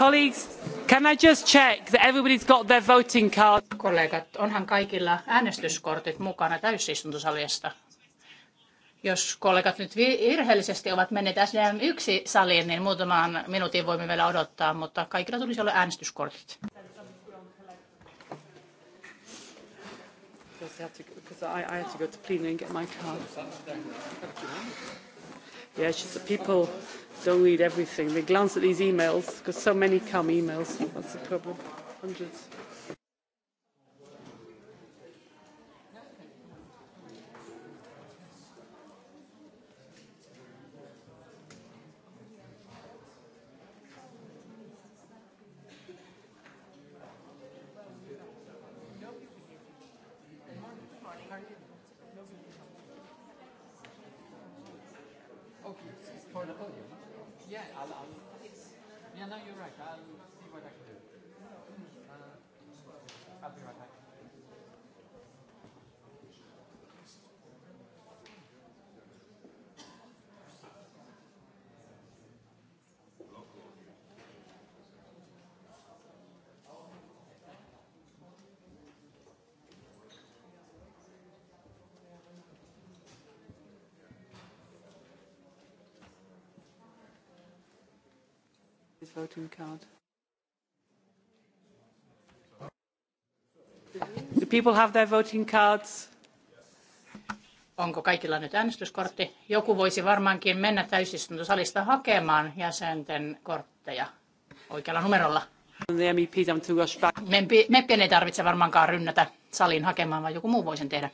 Colleagues, can I just check that everybody's got their voting card? Kollegat, onhan kaikilla äänestyskortit mukana täysistuntosalista? Jos kollegat nyt virheellisesti ovat menneet SDM1 saliin, niin muutaman minuutin voimme vielä odottaa, mutta kaikilla tulisi olla äänestyskortit. Because I, I had to go to cleaning and get my card. Yeah, just that people don't read everything. They glance at these emails because so many come emails. That's the problem. Hundreds. voting card. Do people have their voting cards? Onko kaikilla nyt äänestyskortti? Joku voisi varmaankin mennä täysistuntosalista hakemaan jäsenten kortteja oikealla numerolla. E Meppien ei tarvitse varmaankaan rynnätä saliin hakemaan, vaan joku muu voi sen tehdä.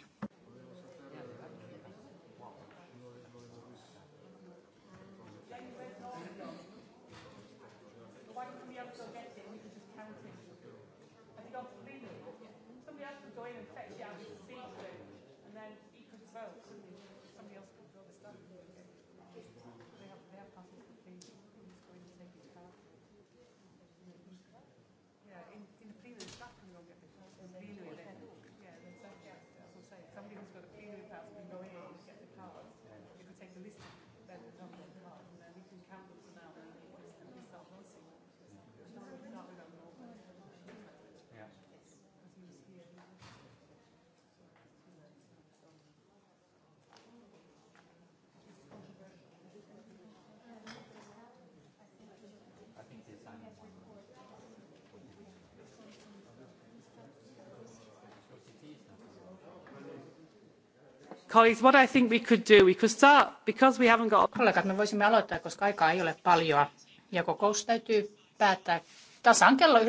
Colleagues, what I think we could do, we could start, because we haven't got... Kollegat, me voisimme aloittaa, koska aikaa ei ole paljon. Ja kokous täytyy päättää tasan kello 9.45.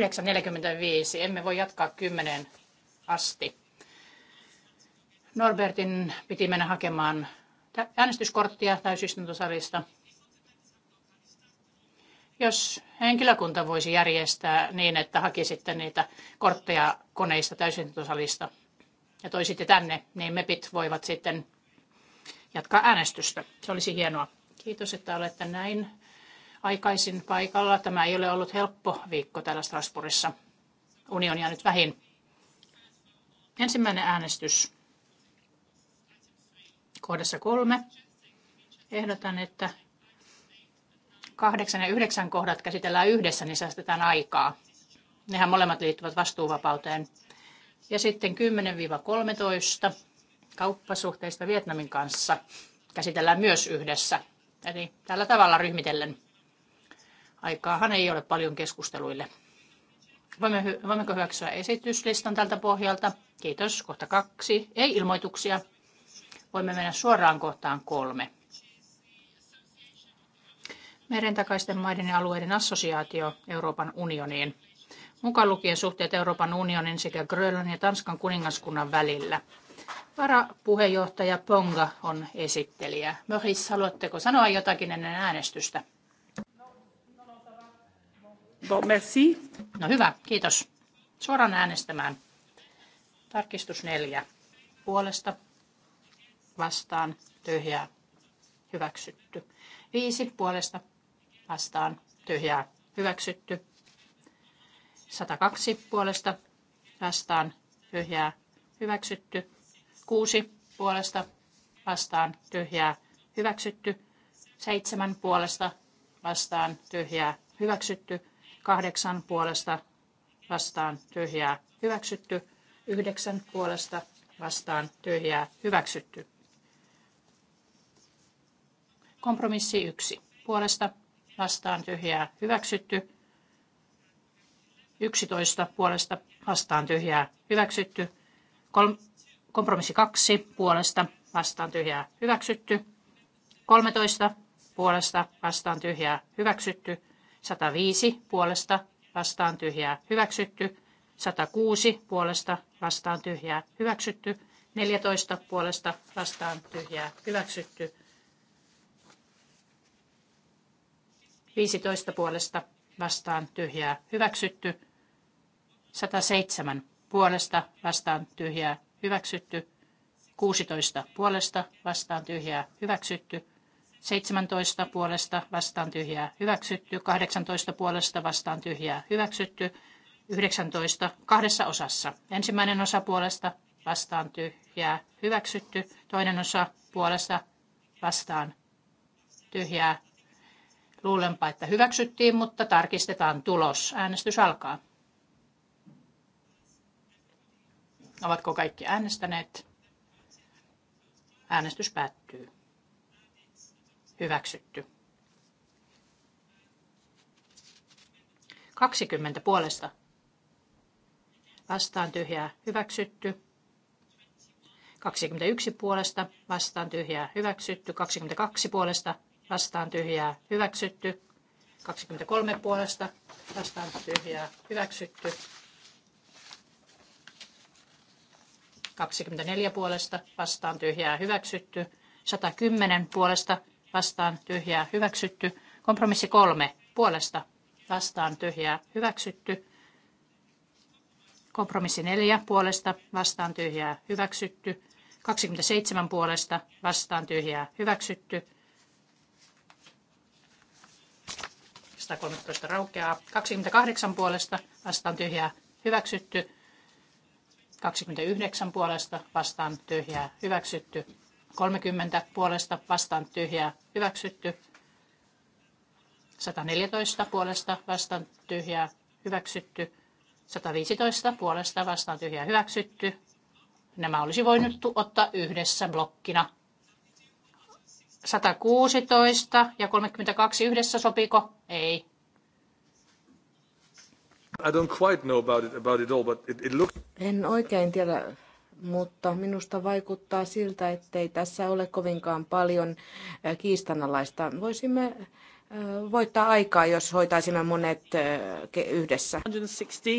Emme voi jatkaa kymmeneen asti. Norbertin piti mennä hakemaan äänestyskorttia täysistuntosalista. Jos henkilökunta voisi järjestää niin, että hakisitte niitä kortteja koneista täysistuntosalista, ja sitten tänne, niin MEPit voivat sitten jatkaa äänestystä. Se olisi hienoa. Kiitos, että olette näin aikaisin paikalla. Tämä ei ole ollut helppo viikko täällä Strasbourgissa. Unionia nyt vähin. Ensimmäinen äänestys kohdassa kolme. Ehdotan, että kahdeksan ja yhdeksän kohdat käsitellään yhdessä, niin säästetään aikaa. Nehän molemmat liittyvät vastuuvapauteen. Ja sitten 10-13 kauppasuhteista Vietnamin kanssa käsitellään myös yhdessä. Eli tällä tavalla ryhmitellen. Aikaahan ei ole paljon keskusteluille. Voimme, voimmeko hyväksyä esityslistan tältä pohjalta? Kiitos. Kohta kaksi. Ei ilmoituksia. Voimme mennä suoraan kohtaan kolme. Merentakaisten maiden ja alueiden assosiaatio Euroopan unioniin mukaan lukien suhteet Euroopan unionin sekä Grönlannin ja Tanskan kuningaskunnan välillä. Varapuheenjohtaja Ponga on esittelijä. Möhis, haluatteko sanoa jotakin ennen äänestystä? Bon, merci. No hyvä, kiitos. Suoraan äänestämään. Tarkistus neljä. Puolesta, vastaan, tyhjää, hyväksytty. Viisi puolesta, vastaan, tyhjää, hyväksytty. 102 puolesta vastaan tyhjää hyväksytty. 6 puolesta vastaan tyhjää hyväksytty. 7 puolesta vastaan tyhjää hyväksytty. 8 puolesta vastaan tyhjää hyväksytty. 9 puolesta vastaan tyhjää hyväksytty. Kompromissi 1 puolesta vastaan tyhjää hyväksytty. 11 puolesta vastaan tyhjää hyväksytty. Kol- kompromissi 2 puolesta vastaan tyhjää hyväksytty. 13 puolesta vastaan tyhjää hyväksytty. 105 puolesta vastaan tyhjää hyväksytty. 106 puolesta vastaan tyhjää hyväksytty. 14 puolesta vastaan tyhjää hyväksytty. 15 puolesta vastaan tyhjää hyväksytty. 107 puolesta vastaan tyhjää hyväksytty. 16 puolesta vastaan tyhjää hyväksytty. 17 puolesta vastaan tyhjää hyväksytty. 18 puolesta vastaan tyhjää hyväksytty. 19 kahdessa osassa. Ensimmäinen osa puolesta vastaan tyhjää hyväksytty. Toinen osa puolesta vastaan tyhjää. Luulenpa, että hyväksyttiin, mutta tarkistetaan tulos. Äänestys alkaa. Ovatko kaikki äänestäneet? Äänestys päättyy. Hyväksytty. 20 puolesta. Vastaan tyhjää. Hyväksytty. 21 puolesta. Vastaan tyhjää. Hyväksytty. 22 puolesta. Vastaan tyhjää. Hyväksytty. 23 puolesta. Vastaan tyhjää. Hyväksytty. 24 puolesta vastaan tyhjää hyväksytty. 110 puolesta vastaan tyhjää hyväksytty. Kompromissi 3 puolesta vastaan tyhjää hyväksytty. Kompromissi 4 puolesta vastaan tyhjää hyväksytty. 27 puolesta vastaan tyhjää hyväksytty. 113 raukeaa. 28 puolesta vastaan tyhjää hyväksytty. 29 puolesta vastaan tyhjää hyväksytty. 30 puolesta vastaan tyhjää hyväksytty. 114 puolesta vastaan tyhjää hyväksytty. 115 puolesta vastaan tyhjää hyväksytty. Nämä olisi voinut ottaa yhdessä blokkina. 116 ja 32 yhdessä sopiko? Ei. I don't quite know about it, about it all, but it, it looks... En oikein tiedä, mutta minusta vaikuttaa siltä, ettei tässä ole kovinkaan paljon kiistanalaista. Voisimme voittaa aikaa, jos hoitaisimme monet yhdessä.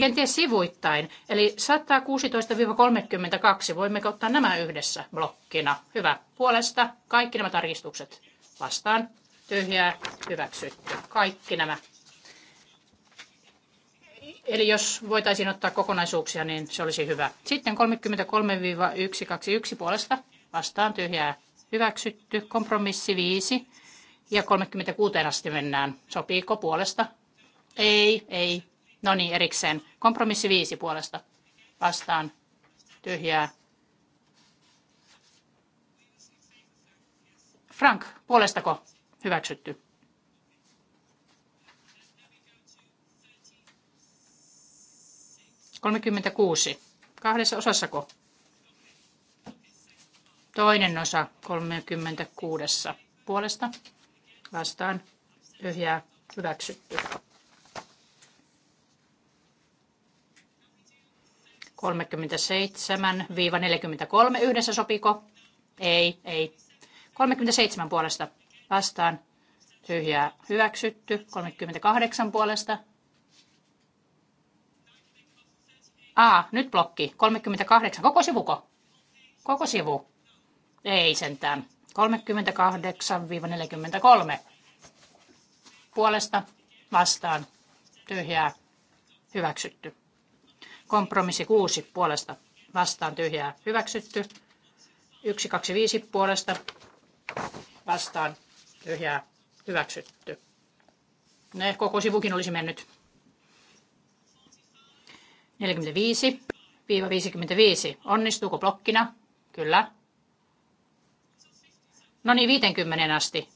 Kenties sivuittain, eli 116-32, voimme ottaa nämä yhdessä blokkina? Hyvä. Puolesta kaikki nämä tarkistukset vastaan. Tyhjää, hyväksytty. Kaikki nämä Eli jos voitaisiin ottaa kokonaisuuksia, niin se olisi hyvä. Sitten 33-121 puolesta vastaan tyhjää hyväksytty. Kompromissi 5 ja 36 asti mennään. Sopiiko puolesta? Ei, ei. No niin, erikseen. Kompromissi 5 puolesta vastaan tyhjää. Frank, puolestako hyväksytty? 36. Kahdessa osassako? Toinen osa 36. Puolesta vastaan tyhjää hyväksytty. 37-43 yhdessä sopiko? Ei, ei. 37 puolesta vastaan tyhjää hyväksytty. 38 puolesta A, nyt blokki. 38. Koko sivuko? Koko sivu. Ei sentään. 38-43. Puolesta vastaan. Tyhjää. Hyväksytty. Kompromissi 6 puolesta vastaan tyhjää hyväksytty. 125 puolesta vastaan tyhjää hyväksytty. Ne koko sivukin olisi mennyt. 45-55. Onnistuuko blokkina? Kyllä. No niin, 50 asti.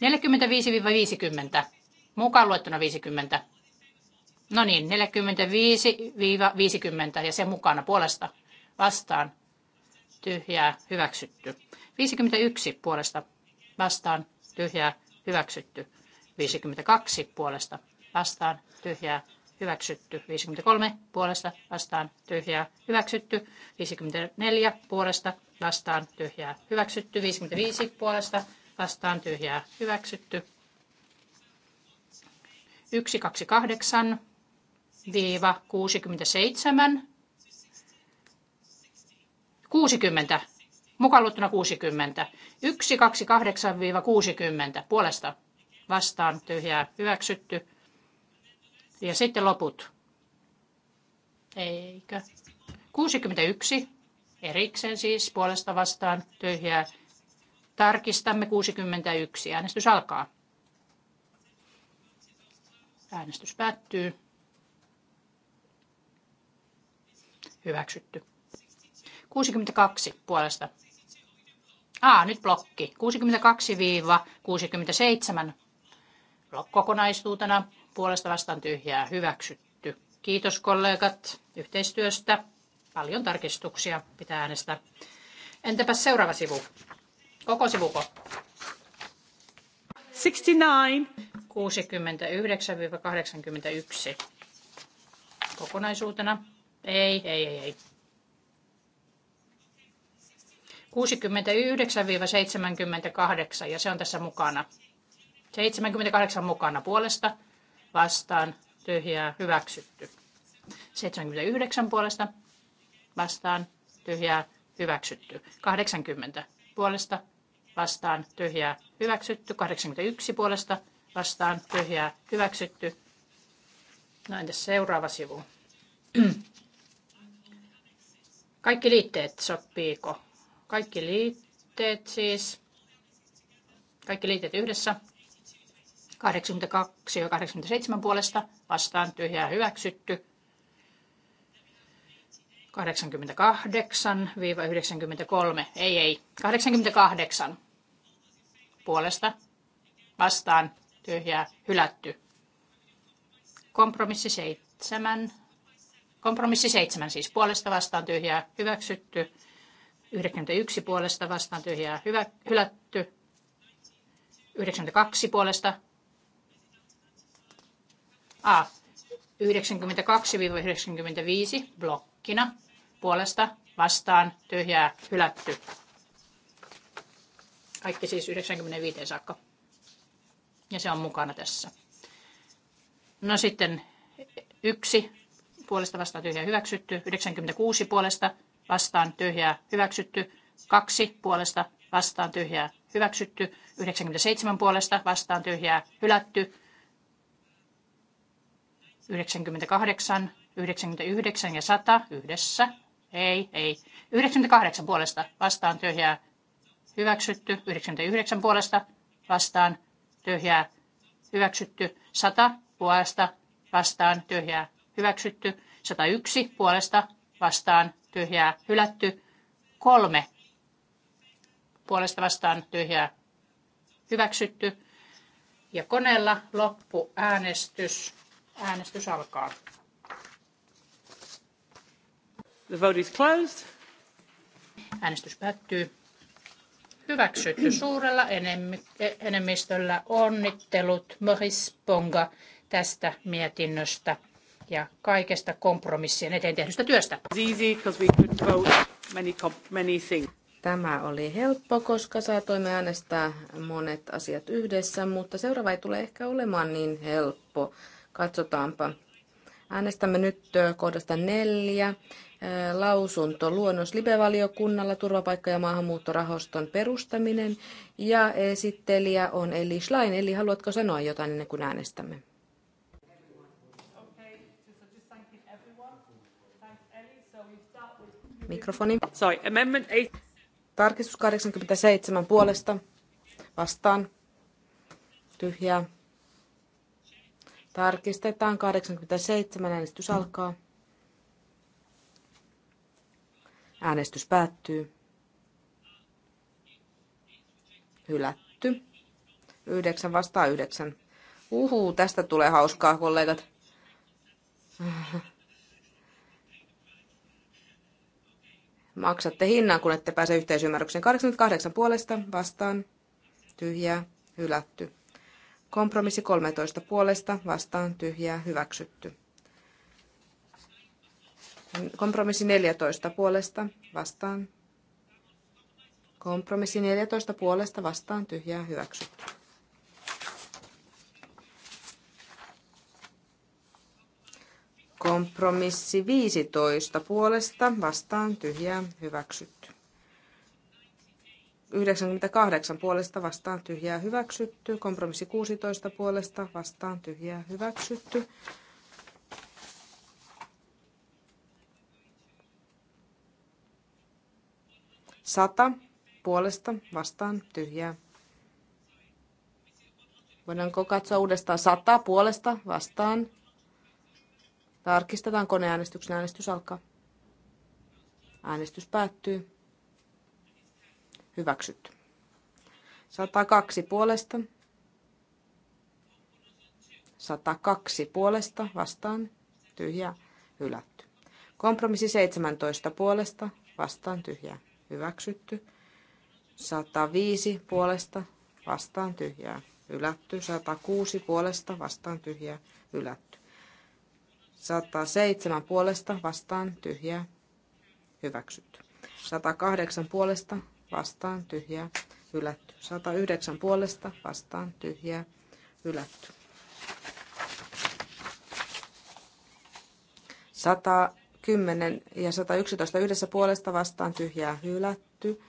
45-50. Mukaan luettuna 50. No niin, 45-50 ja sen mukana puolesta vastaan. Tyhjää hyväksytty. 51 puolesta vastaan. Tyhjää hyväksytty. 52 puolesta vastaan. Tyhjää hyväksytty. 53 puolesta vastaan tyhjää hyväksytty. 54 puolesta vastaan tyhjää hyväksytty. 55 puolesta vastaan tyhjää hyväksytty. 128 viiva 67 60 mukaan luettuna 60 128 60 puolesta vastaan tyhjää hyväksytty ja sitten loput. Eikö? 61 erikseen siis puolesta vastaan tyhjää. Tarkistamme 61. Äänestys alkaa. Äänestys päättyy. Hyväksytty. 62 puolesta. Aa, nyt blokki. 62-67 kokonaisuutena puolesta vastaan tyhjää hyväksytty. Kiitos kollegat yhteistyöstä. Paljon tarkistuksia pitää äänestää. Entäpä seuraava sivu? Koko sivuko? 69. 69-81 kokonaisuutena. Ei, ei, ei, ei. 69-78 ja se on tässä mukana. 78 mukana puolesta vastaan tyhjää hyväksytty. 79 puolesta vastaan tyhjää hyväksytty. 80 puolesta vastaan tyhjää hyväksytty. 81 puolesta vastaan tyhjää hyväksytty. No entäs seuraava sivu? Kaikki liitteet sopiiko? Kaikki liitteet siis. Kaikki liitteet yhdessä 82 ja 87 puolesta vastaan tyhjää hyväksytty. 88-93, ei ei, 88 puolesta vastaan tyhjää hylätty. Kompromissi 7, kompromissi 7 siis puolesta vastaan tyhjää hyväksytty. 91 puolesta vastaan tyhjää hyvä, hylätty. 92 puolesta A. 92-95 blokkina puolesta vastaan tyhjää hylätty. Kaikki siis 95 saakka. Ja se on mukana tässä. No sitten yksi puolesta vastaan tyhjää hyväksytty, 96 puolesta vastaan tyhjää hyväksytty, kaksi puolesta vastaan tyhjää hyväksytty, 97 puolesta vastaan tyhjää hylätty, 98, 99 ja 100 yhdessä. Ei, ei. 98 puolesta vastaan tyhjää hyväksytty. 99 puolesta vastaan tyhjää hyväksytty. 100 puolesta vastaan tyhjää hyväksytty. 101 puolesta vastaan tyhjää hylätty. 3 puolesta vastaan tyhjää hyväksytty. Ja koneella loppuäänestys. Äänestys alkaa. The vote is closed. Äänestys päättyy. Hyväksytty suurella enemmistöllä onnittelut Maurice Ponga tästä mietinnöstä ja kaikesta kompromissien eteen tehdystä työstä. Tämä oli helppo, koska saatoimme äänestää monet asiat yhdessä, mutta seuraava ei tule ehkä olemaan niin helppo. Katsotaanpa. Äänestämme nyt kohdasta neljä. Lausunto luonnos Libevaliokunnalla turvapaikka- ja maahanmuuttorahaston perustaminen. Ja esittelijä on Eli Schlein. Eli haluatko sanoa jotain ennen kuin äänestämme? Mikrofoni. Sorry, amendment eight. Tarkistus 87 puolesta. Vastaan. Tyhjää. Tarkistetaan 87. Äänestys alkaa. Äänestys päättyy. Hylätty. 9 vastaa 9 Uhu, tästä tulee hauskaa, kollegat. Maksatte hinnan, kun ette pääse yhteisymmärrykseen. 88 puolesta vastaan. Tyhjää. Hylätty. Kompromissi 13 puolesta vastaan tyhjää hyväksytty. Kompromissi 14 puolesta vastaan. Kompromissi 14 puolesta vastaan tyhjää hyväksytty. Kompromissi 15 puolesta vastaan tyhjää hyväksytty. 98 puolesta vastaan tyhjää hyväksytty. Kompromissi 16 puolesta vastaan tyhjää hyväksytty. Sata puolesta vastaan tyhjää. Voidaanko katsoa uudestaan sata puolesta vastaan? Tarkistetaan koneäänestyksen äänestys alkaa. Äänestys päättyy. Hyväksytty. 102 puolesta. 102 puolesta vastaan. Tyhjä. Hylätty. Kompromissi 17 puolesta vastaan. Tyhjä. Hyväksytty. 105 puolesta vastaan. Tyhjää. Hylätty. 106 puolesta vastaan. Tyhjää. Hylätty. 107 puolesta vastaan tyhjää hyväksytty. 108 puolesta vastaan tyhjää hylätty. 109 puolesta vastaan tyhjää hylätty. 110 ja 111 yhdessä puolesta vastaan tyhjää hylätty.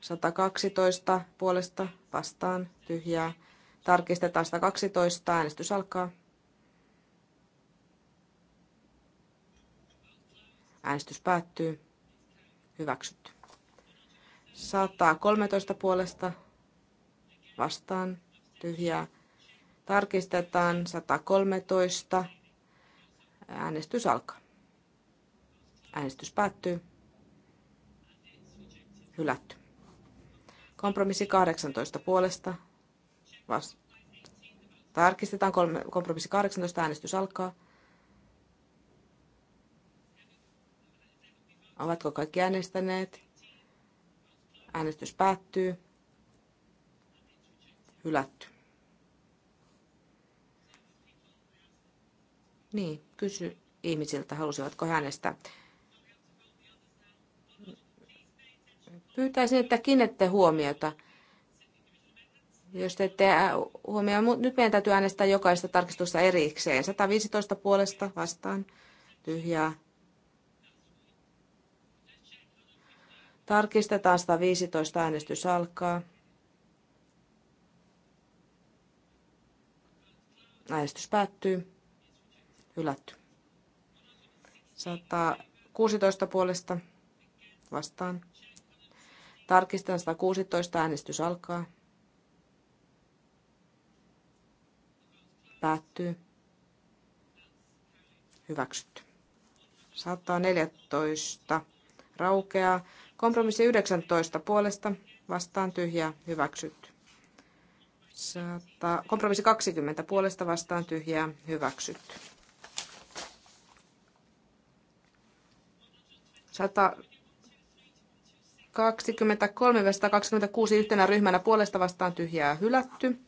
112 puolesta vastaan tyhjää. Tarkistetaan 112. Äänestys alkaa. Äänestys päättyy. Hyväksytty. 13 puolesta vastaan tyhjää. Tarkistetaan 113. Äänestys alkaa. Äänestys päättyy. Hylätty. Kompromissi 18 puolesta. Vas- Tarkistetaan kolme, kompromissi 18. Äänestys alkaa. Ovatko kaikki äänestäneet? Äänestys päättyy. Hylätty. Niin, kysy ihmisiltä, halusivatko hänestä. Pyytäisin, että kiinnette huomiota. Jos te ette huomioon, nyt meidän täytyy äänestää jokaista tarkistusta erikseen. 115 puolesta vastaan, tyhjää, Tarkistetaan 115 äänestys alkaa. Äänestys päättyy. Hylätty. 116 puolesta vastaan. Tarkistetaan 116 äänestys alkaa. Päättyy. Hyväksytty. 114 raukeaa. Kompromissi 19 puolesta vastaan tyhjä hyväksytty. kompromissi 20 puolesta vastaan tyhjää hyväksytty. 123-126 yhtenä ryhmänä puolesta vastaan tyhjää hylätty.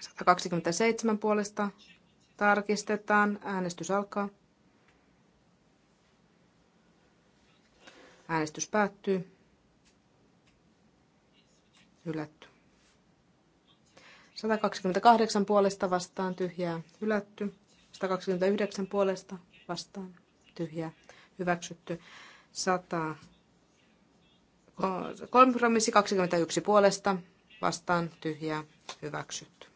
127 puolesta tarkistetaan. Äänestys alkaa. Äänestys päättyy. Hylätty. 128 puolesta vastaan tyhjää. Hylätty. 129 puolesta vastaan tyhjää. Hyväksytty. 100. Kompromissi 21 puolesta vastaan tyhjää. Hyväksytty.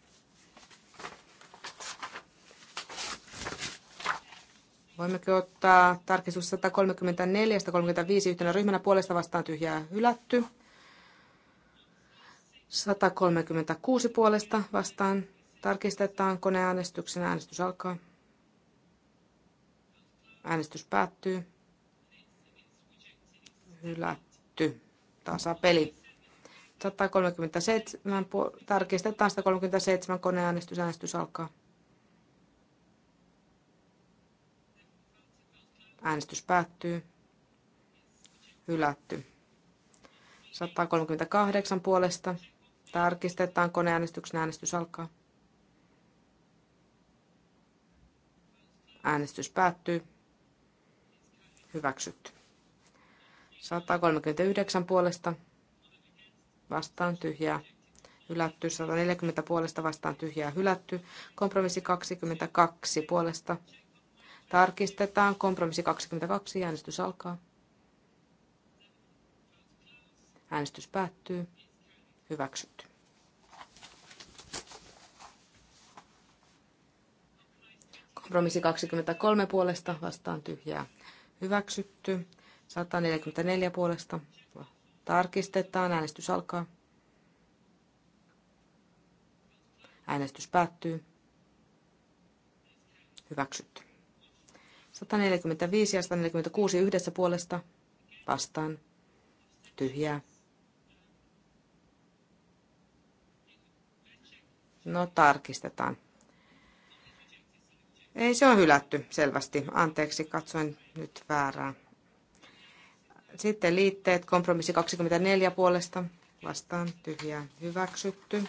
Voimmeko ottaa tarkistus 134 135 yhtenä ryhmänä puolesta vastaan tyhjää hylätty. 136 puolesta vastaan tarkistetaan koneäänestyksen. Äänestys alkaa. Äänestys päättyy. Hylätty. Tasapeli. 137, tarkistetaan 137 koneäänestys. Äänestys alkaa. Äänestys päättyy. Hylätty. 138 puolesta. Tarkistetaan koneäänestyksen äänestys alkaa. Äänestys päättyy. Hyväksytty. 139 puolesta vastaan tyhjää hylätty, 140 puolesta vastaan tyhjää hylätty, kompromissi 22 puolesta Tarkistetaan. Kompromissi 22. Äänestys alkaa. Äänestys päättyy. Hyväksytty. Kompromissi 23 puolesta vastaan tyhjää. Hyväksytty. 144 puolesta. Tarkistetaan. Äänestys alkaa. Äänestys päättyy. Hyväksytty. 145 ja 146 yhdessä puolesta vastaan tyhjää. No tarkistetaan. Ei, se on hylätty selvästi. Anteeksi, katsoin nyt väärää. Sitten liitteet, kompromissi 24 puolesta, vastaan tyhjää hyväksytty.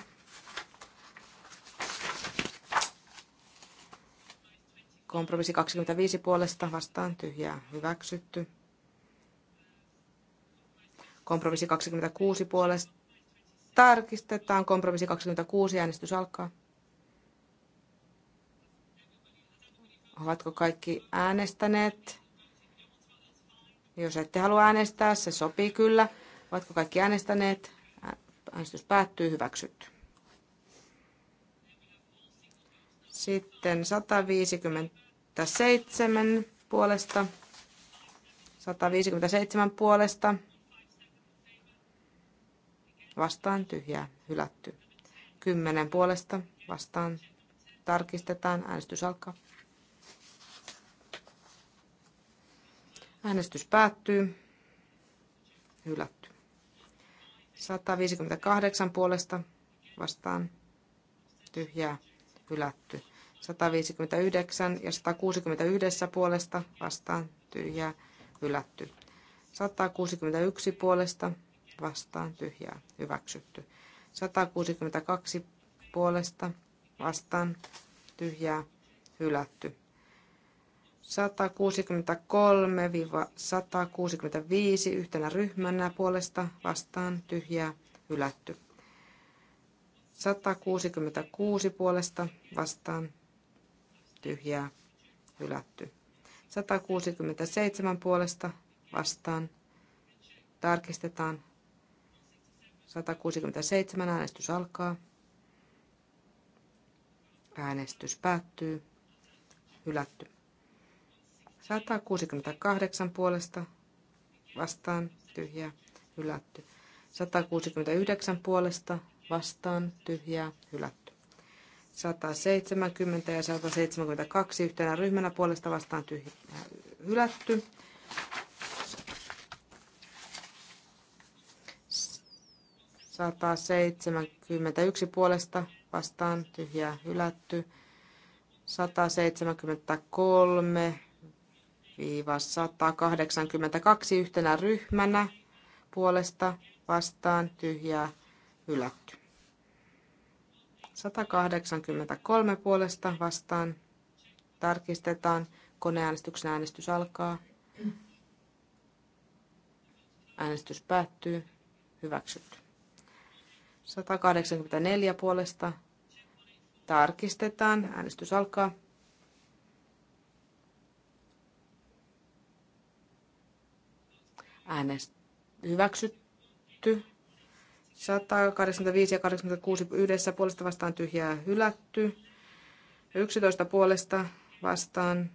Kompromissi 25 puolesta vastaan tyhjää hyväksytty. Kompromissi 26 puolesta tarkistetaan. Kompromissi 26 äänestys alkaa. Ovatko kaikki äänestäneet? Jos ette halua äänestää, se sopii kyllä. Ovatko kaikki äänestäneet? Äänestys päättyy, hyväksytty. Sitten 150 157 puolesta, 157 puolesta, vastaan tyhjää, hylätty. 10 puolesta, vastaan tarkistetaan, äänestys alkaa. Äänestys päättyy, hylätty. 158 puolesta, vastaan tyhjää, hylätty. 159 ja 161 puolesta vastaan tyhjää hylätty. 161 puolesta vastaan tyhjää hyväksytty. 162 puolesta vastaan tyhjää hylätty. 163-165 yhtenä ryhmänä puolesta vastaan tyhjää hylätty. 166 puolesta vastaan tyhjää hylätty. 167 puolesta vastaan tarkistetaan. 167 äänestys alkaa. Äänestys päättyy. Hylätty. 168 puolesta vastaan tyhjää hylätty. 169 puolesta vastaan tyhjää hylätty. 170 ja 172 äh, yhtenä ryhmänä puolesta vastaan tyhjä, hylätty. Sata seitsemänkymmentäyksi puolesta vastaan tyhjää hylätty. 173 182 yhtenä ryhmänä puolesta vastaan tyhjää hylätty. 183 puolesta vastaan. Tarkistetaan. Koneäänestyksen äänestys alkaa. Äänestys päättyy. Hyväksytty. 184 puolesta. Tarkistetaan. Äänestys alkaa. Äänestys Hyväksytty. 185 ja 86 yhdessä puolesta vastaan tyhjää hylätty. 11 puolesta vastaan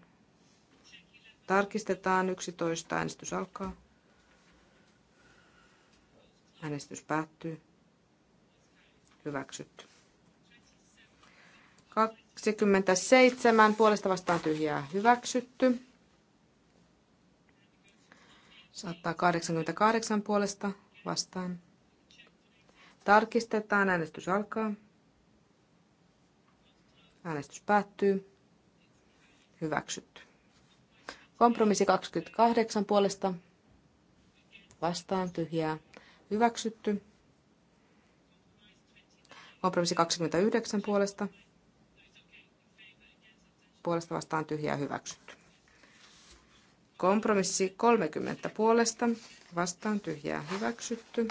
tarkistetaan. 11 äänestys alkaa. Äänestys päättyy. Hyväksytty. 27 puolesta vastaan tyhjää hyväksytty. 188 puolesta vastaan Tarkistetaan. Äänestys alkaa. Äänestys päättyy. Hyväksytty. Kompromissi 28 puolesta. Vastaan tyhjää. Hyväksytty. Kompromissi 29 puolesta. Puolesta vastaan tyhjää hyväksytty. Kompromissi 30 puolesta. Vastaan tyhjää hyväksytty.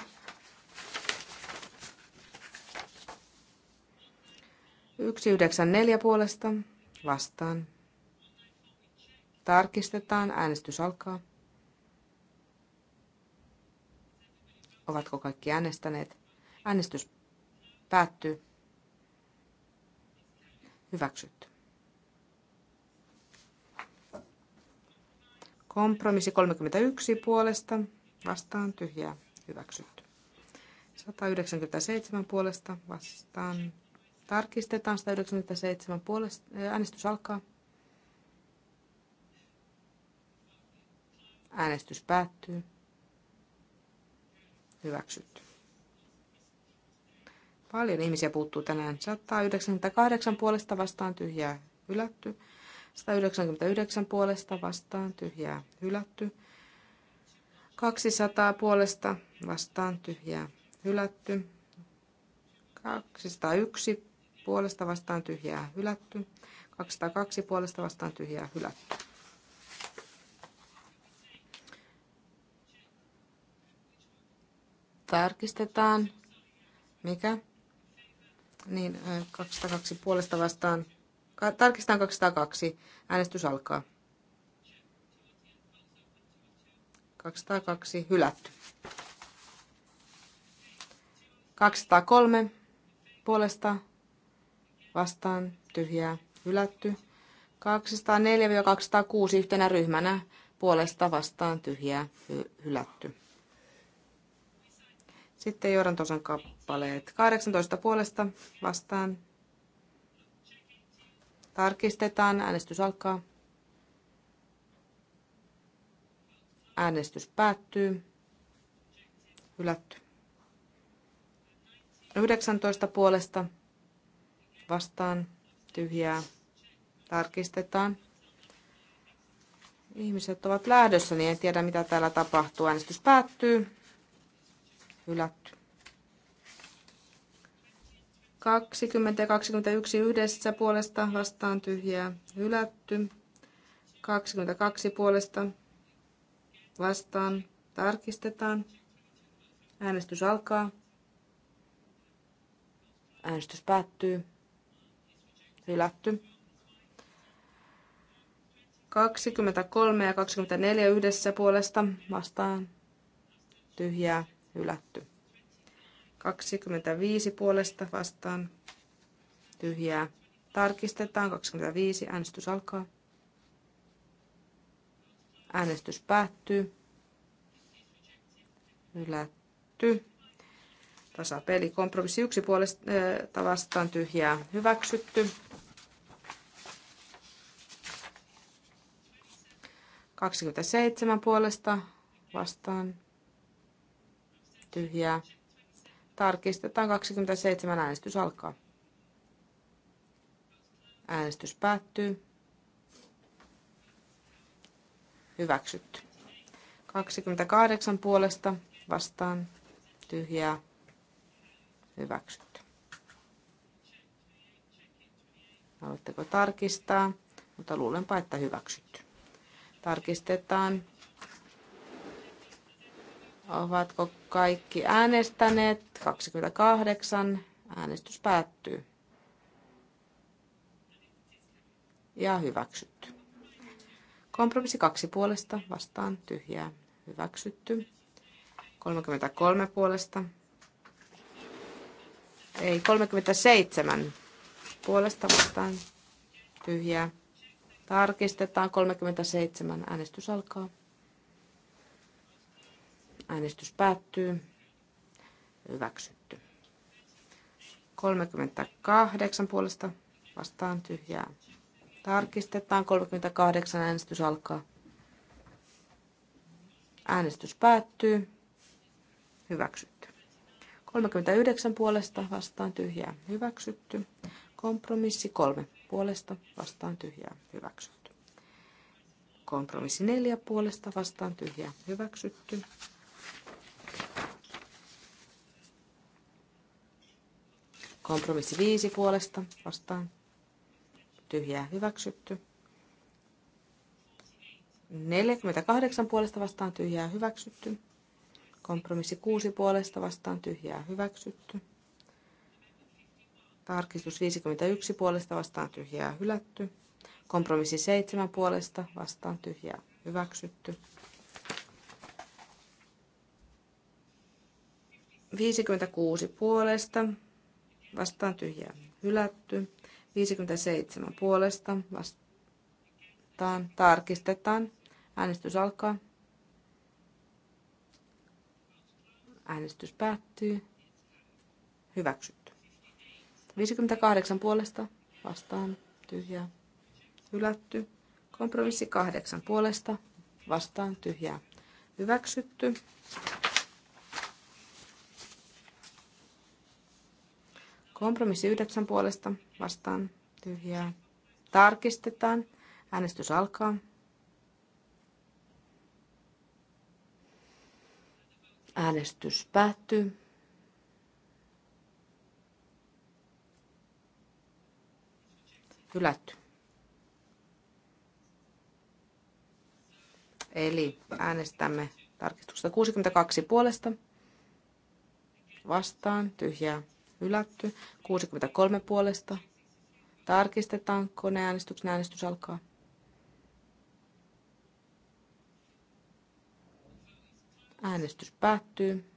194 puolesta vastaan. Tarkistetaan. Äänestys alkaa. Ovatko kaikki äänestäneet? Äänestys päättyy. Hyväksytty. Kompromissi 31 puolesta vastaan tyhjää hyväksytty. 197 puolesta vastaan Tarkistetaan 197 puolesta. Äänestys alkaa. Äänestys päättyy. Hyväksytty. Paljon ihmisiä puuttuu tänään. 198 puolesta vastaan tyhjää hylätty. 199 puolesta vastaan tyhjää hylätty. 200 puolesta vastaan tyhjää hylätty. 201 puolesta vastaan tyhjää hylätty. 202 puolesta vastaan tyhjää hylätty. Tarkistetaan. Mikä? Niin, 202 puolesta vastaan. Tarkistetaan 202. Äänestys alkaa. 202 hylätty. 203 puolesta vastaan tyhjää hylätty. 204-206 yhtenä ryhmänä puolesta vastaan tyhjää hy- hylätty. Sitten Tosan kappaleet. 18 puolesta vastaan. Tarkistetaan. Äänestys alkaa. Äänestys päättyy. Hylätty. 19 puolesta vastaan tyhjää tarkistetaan. Ihmiset ovat lähdössä, niin en tiedä mitä täällä tapahtuu. Äänestys päättyy. Hylätty. 20 ja 21 yhdessä puolesta vastaan tyhjää hylätty. 22 puolesta vastaan tarkistetaan. Äänestys alkaa. Äänestys päättyy hylätty. 23 ja 24 yhdessä puolesta vastaan tyhjää hylätty. 25 puolesta vastaan tyhjää. Tarkistetaan 25, äänestys alkaa. Äänestys päättyy. Hylätty. Tasapeli. Kompromissi yksi puolesta äh, vastaan tyhjää hyväksytty. 27 puolesta vastaan tyhjää. Tarkistetaan 27 äänestys alkaa. Äänestys päättyy. Hyväksytty. 28 puolesta vastaan tyhjää. Hyväksytty. Haluatteko tarkistaa? Mutta luulenpa, että hyväksytty. Tarkistetaan. Ovatko kaikki äänestäneet? 28. Äänestys päättyy. Ja hyväksytty. Kompromissi kaksi puolesta vastaan tyhjää. Hyväksytty. 33 puolesta. Ei, 37 puolesta vastaan tyhjää. Tarkistetaan 37. Äänestys alkaa. Äänestys päättyy. Hyväksytty. 38 puolesta vastaan tyhjää. Tarkistetaan. 38 äänestys alkaa. Äänestys päättyy. Hyväksytty. 39 puolesta vastaan tyhjää. Hyväksytty. Kompromissi 3 puolesta vastaan tyhjää hyväksytty. Kompromissi neljä puolesta vastaan tyhjää hyväksytty. Kompromissi viisi puolesta vastaan tyhjää hyväksytty. 48 puolesta vastaan tyhjää hyväksytty. Kompromissi 6 puolesta vastaan tyhjää hyväksytty. Tarkistus 51 puolesta vastaan tyhjää hylätty. Kompromissi 7 puolesta vastaan tyhjää hyväksytty. 56 puolesta vastaan tyhjää hylätty. 57 puolesta vastaan tarkistetaan. Äänestys alkaa. Äänestys päättyy. Hyväksytty. 58 puolesta vastaan tyhjää hylätty. Kompromissi 8 puolesta vastaan tyhjää hyväksytty. Kompromissi 9 puolesta vastaan tyhjää tarkistetaan. Äänestys alkaa. Äänestys päättyy. hylätty. Eli äänestämme tarkistusta 62 puolesta vastaan, tyhjää hylätty. 63 puolesta tarkistetaan koneäänestyksen äänestys alkaa. Äänestys päättyy.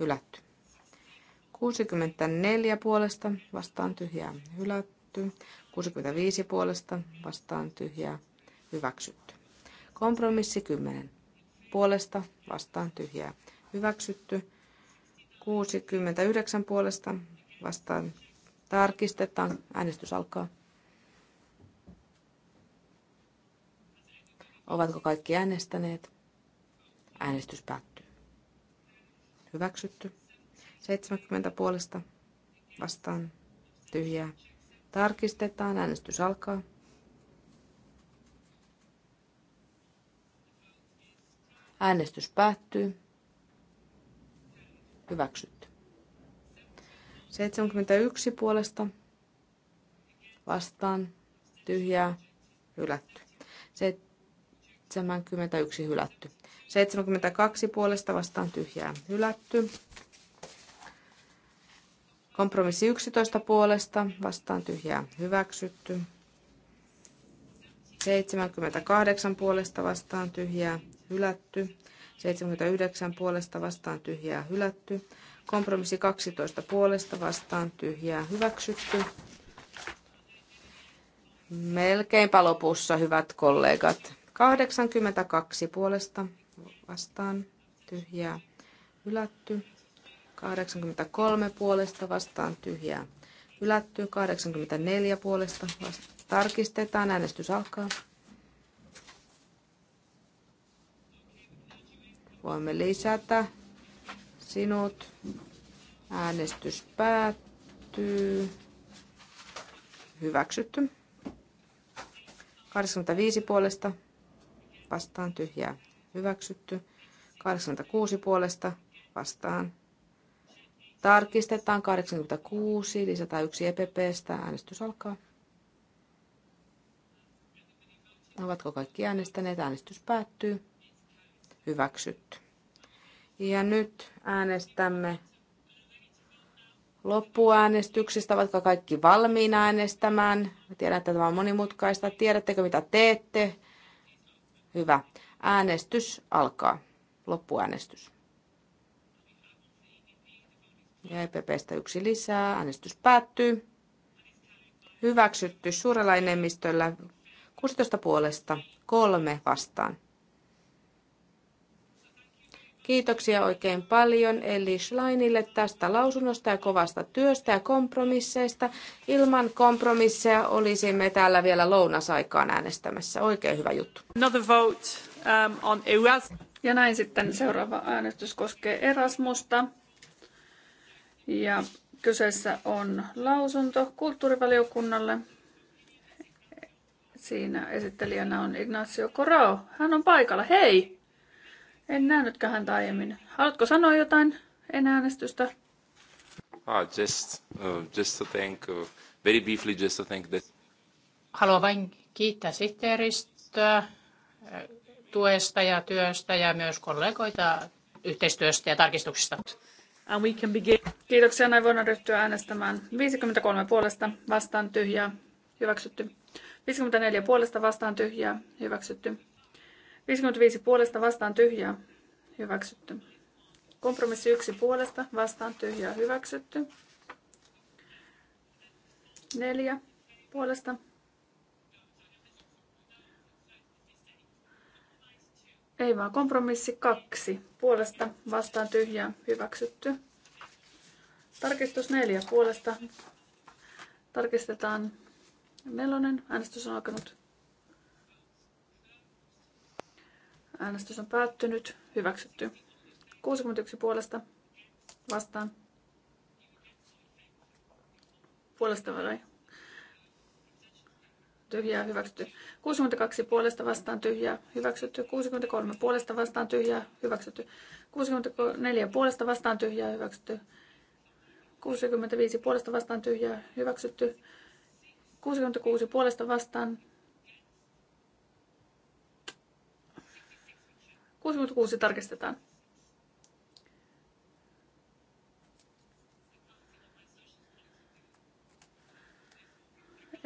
Hylätty. 64 puolesta vastaan tyhjää hylätty. 65 puolesta vastaan tyhjää hyväksytty. Kompromissi 10 puolesta vastaan tyhjää hyväksytty. 69 puolesta vastaan tarkistetaan. Äänestys alkaa. Ovatko kaikki äänestäneet? Äänestys päättyy. Hyväksytty. 70 puolesta vastaan tyhjää. Tarkistetaan. Äänestys alkaa. Äänestys päättyy. Hyväksytty. 71 puolesta vastaan tyhjää hylätty. 71 hylätty. 72 puolesta vastaan tyhjää hylätty. Kompromissi 11 puolesta vastaan tyhjää hyväksytty. 78 puolesta vastaan tyhjää hylätty. 79 puolesta vastaan tyhjää hylätty. Kompromissi 12 puolesta vastaan tyhjää hyväksytty. Melkeinpä lopussa, hyvät kollegat. 82 puolesta vastaan tyhjää hylätty. 83 puolesta vastaan tyhjää hylätty. 84 puolesta vastaan. Tarkistetaan. Äänestys alkaa. Voimme lisätä sinut. Äänestys päättyy. Hyväksytty. 85 puolesta vastaan tyhjää. Hyväksytty. 86 puolesta vastaan Tarkistetaan 86, lisätään yksi EPPstä. Äänestys alkaa. Ovatko kaikki äänestäneet? Äänestys päättyy. Hyväksytty. Ja nyt äänestämme loppuäänestyksestä. Ovatko kaikki valmiina äänestämään? tiedän, että tämä on monimutkaista. Tiedättekö, mitä teette? Hyvä. Äänestys alkaa. Loppuäänestys. Ja EPPstä yksi lisää. Äänestys päättyy. Hyväksytty suurella enemmistöllä 16 puolesta, kolme vastaan. Kiitoksia oikein paljon Eli Schleinille tästä lausunnosta ja kovasta työstä ja kompromisseista. Ilman kompromisseja olisimme täällä vielä lounasaikaan äänestämässä. Oikein hyvä juttu. Another vote, um, on EUS. Ja näin sitten seuraava äänestys koskee Erasmusta. Ja kyseessä on lausunto kulttuurivaliokunnalle. Siinä esittelijänä on Ignacio Corao. Hän on paikalla. Hei! En nähnytkään häntä aiemmin. Haluatko sanoa jotain ennen äänestystä? Ah, just, uh, just to thank, uh, very briefly just to thank that. Haluan vain kiittää sihteeristöä uh, tuesta ja työstä ja myös kollegoita yhteistyöstä ja tarkistuksista. And we can begin. Kiitoksia, näin voidaan ryhtyä äänestämään. 53 puolesta vastaan tyhjää, hyväksytty. 54 puolesta vastaan tyhjää, hyväksytty. 55 puolesta vastaan tyhjää, hyväksytty. Kompromissi 1 puolesta vastaan tyhjää, hyväksytty. 4 puolesta Ei vaan kompromissi kaksi puolesta vastaan tyhjään hyväksytty. Tarkistus neljä puolesta. Tarkistetaan nelonen. Äänestys on alkanut. Äänestys on päättynyt. Hyväksytty. 61 puolesta vastaan. Puolesta vai tyhjää hyväksytty. 62 puolesta vastaan tyhjää hyväksytty. 63 puolesta vastaan tyhjää hyväksytty. 64 puolesta vastaan tyhjää hyväksytty. 65 puolesta vastaan tyhjää hyväksytty. 66 puolesta vastaan 66 tarkistetaan.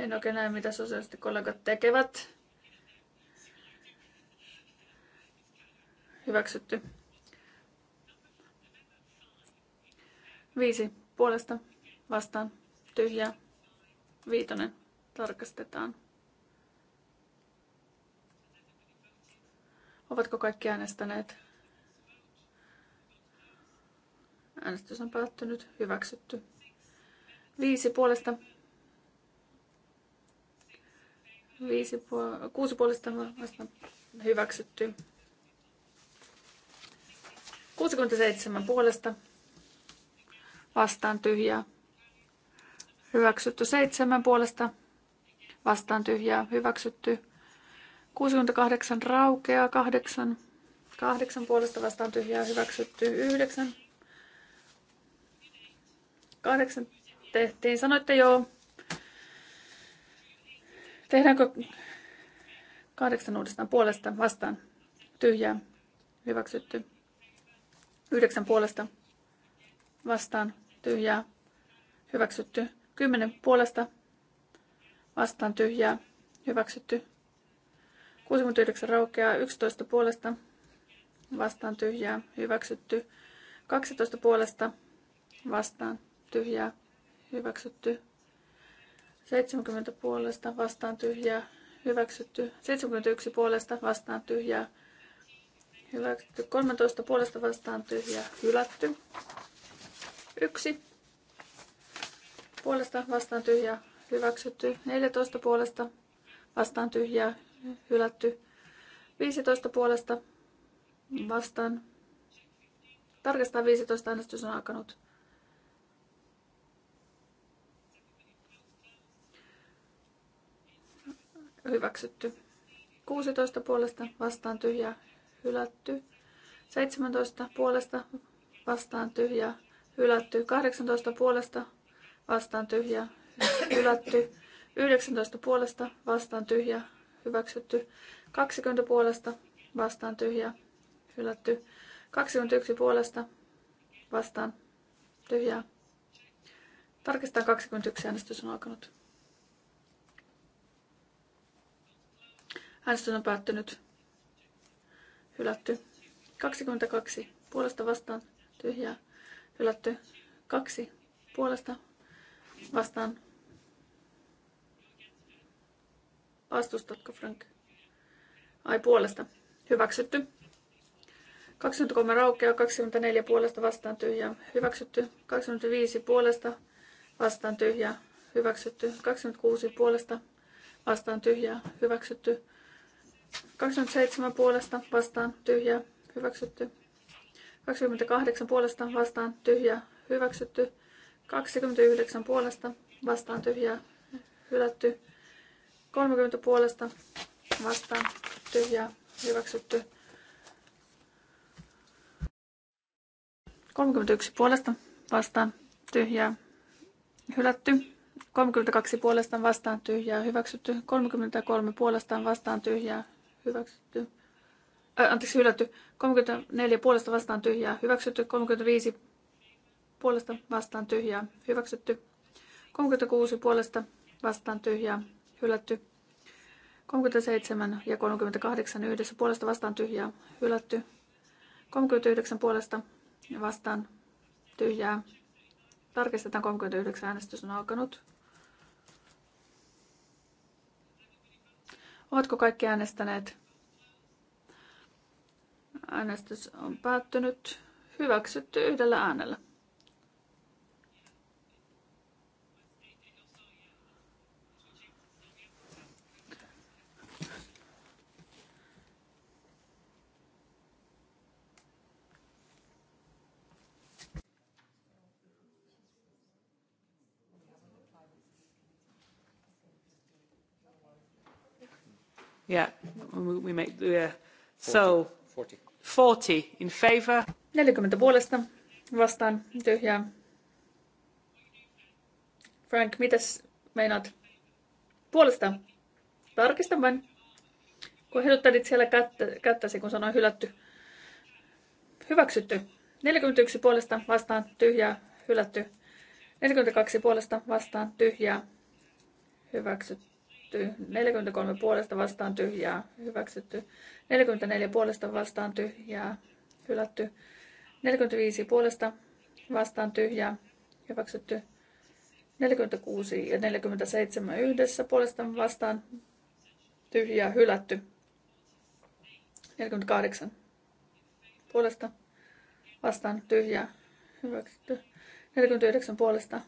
En oikein näe, mitä sosiaalisesti kollegat tekevät. Hyväksytty. Viisi puolesta vastaan tyhjä. Viitonen tarkastetaan. Ovatko kaikki äänestäneet? Äänestys on päättynyt. Hyväksytty. Viisi puolesta Viisi puol- kuusi puolesta vastaan hyväksytty. 67 puolesta vastaan tyhjää. Hyväksytty 7 puolesta vastaan tyhjää. Hyväksytty 68 raukeaa 8. 8 puolesta vastaan tyhjää. Hyväksytty 9. 8 tehtiin. Sanoitte joo. Tehdäänkö kahdeksan uudestaan puolesta vastaan? Tyhjää. Hyväksytty. Yhdeksän puolesta vastaan. Tyhjää. Hyväksytty. Kymmenen puolesta vastaan. Tyhjää. Hyväksytty. 69 raukeaa. 11 puolesta vastaan. Tyhjää. Hyväksytty. 12 puolesta vastaan. Tyhjää. Hyväksytty. 70 puolesta vastaan tyhjää, hyväksytty. 71 puolesta vastaan tyhjää, hyväksytty. 13 puolesta vastaan tyhjää, hylätty. 1 puolesta vastaan tyhjää, hyväksytty. 14 puolesta vastaan tyhjää, hylätty. 15 puolesta vastaan. Tarkastaa 15 äänestys on alkanut. hyväksytty. 16 puolesta vastaan tyhjä, hylätty. 17 puolesta vastaan tyhjä, hylätty. 18 puolesta vastaan tyhjä, hylätty. 19 puolesta vastaan tyhjä, hyväksytty. 20 puolesta vastaan tyhjä, hylätty. 21 puolesta vastaan tyhjää. Tarkistetaan 21 äänestys on alkanut. Äänestys on päättynyt. Hylätty. 22. Puolesta vastaan. Tyhjää. Hylätty. 2. Puolesta vastaan. Vastustatko Frank? Ai puolesta. Hyväksytty. 23 raukeaa, 24 puolesta vastaan tyhjää. Hyväksytty. 25 puolesta vastaan tyhjää. Hyväksytty. 26 puolesta vastaan tyhjää. Hyväksytty. 27 puolesta vastaan tyhjä hyväksytty. 28 puolesta vastaan tyhjä hyväksytty. 29 puolesta vastaan tyhjä hylätty. 30 puolesta vastaan tyhjä hyväksytty. 31 puolesta vastaan tyhjä hylätty. 32 puolestaan vastaan tyhjää hyväksytty. 33 puolestaan vastaan tyhjää hyväksytty. Ää, anteeksi, hylätty. 34 puolesta vastaan tyhjää, hyväksytty. 35 puolesta vastaan tyhjää, hyväksytty. 36 puolesta vastaan tyhjää, hylätty. 37 ja 38 yhdessä puolesta vastaan tyhjää, hylätty. 39 puolesta vastaan tyhjää. Tarkistetaan 39 äänestys on alkanut. Ovatko kaikki äänestäneet? Äänestys on päättynyt. Hyväksytty yhdellä äänellä. Yeah, we make, yeah. 40. 40. in favor. 40 puolesta vastaan tyhjää. Frank, mitäs meinaat puolesta? Tarkistan vain. Kun heiluttelit siellä kättä, kättäsi, kun sanoin hylätty. Hyväksytty. 41 puolesta vastaan tyhjää, hylätty. 42 puolesta vastaan tyhjää, hyväksytty hylätty, 43 puolesta vastaan tyhjää, hyväksytty, 44 puolesta vastaan tyhjää, hylätty, 45 puolesta vastaan tyhjää, hyväksytty, 46 ja 47 yhdessä puolesta vastaan tyhjää, hylätty, 48 puolesta vastaan tyhjää, hyväksytty, 49 puolesta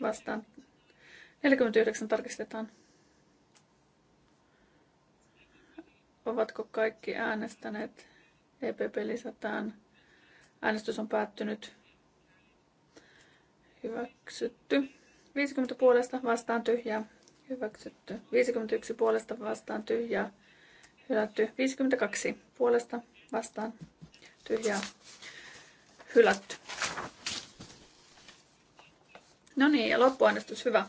vastaan 49 tarkistetaan. Ovatko kaikki äänestäneet? EPP lisätään. Äänestys on päättynyt. Hyväksytty. 50 puolesta vastaan tyhjää. Hyväksytty. 51 puolesta vastaan tyhjää. Hylätty. 52 puolesta vastaan tyhjää. Hylätty. No niin, ja loppuäänestys hyvä.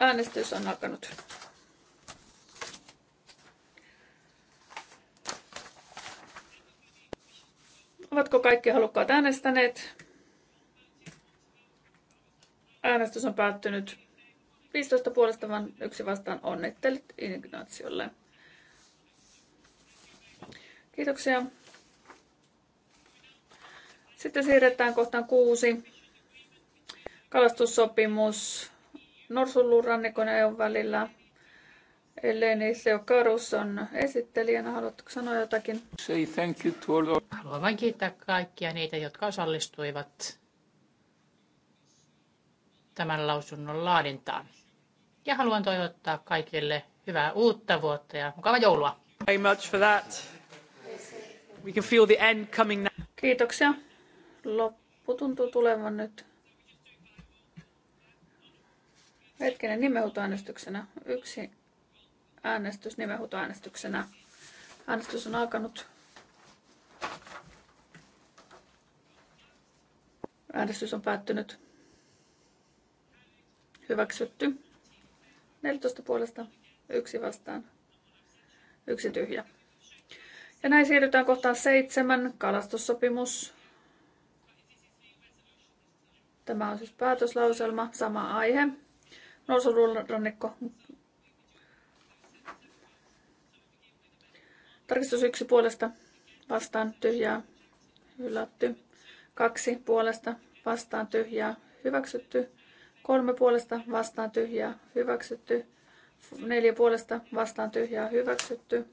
Äänestys on alkanut. Ovatko kaikki halukkaat äänestäneet? Äänestys on päättynyt 15 puolesta, vaan yksi vastaan onnittelut Ignatiolle. Kiitoksia. Sitten siirretään kohtaan kuusi. Kalastussopimus Norsunluurannikon ja EUn välillä. Eleni Seo Karus on esittelijänä. Haluatko sanoa jotakin? Say thank you to all... Haluan vain kiittää kaikkia niitä, jotka osallistuivat tämän lausunnon laadintaan. Ja haluan toivottaa kaikille hyvää uutta vuotta ja mukavaa joulua. Very much for that. We can feel the end coming now. Kiitoksia. Loppu tuntuu tulevan nyt. Hetkinen, nimenhuutoäänestyksenä. Yksi äänestys nimenhuutoäänestyksenä. Äänestys on alkanut. Äänestys on päättynyt. Hyväksytty. 14 puolesta, yksi vastaan, yksi tyhjä. Ja näin siirrytään kohtaan seitsemän, kalastussopimus. Tämä on siis päätöslauselma, sama aihe. Nousurannikko Tarkistus yksi puolesta vastaan tyhjää hylätty. Kaksi puolesta vastaan tyhjää hyväksytty. Kolme puolesta vastaan tyhjää hyväksytty. Neljä puolesta vastaan tyhjää hyväksytty.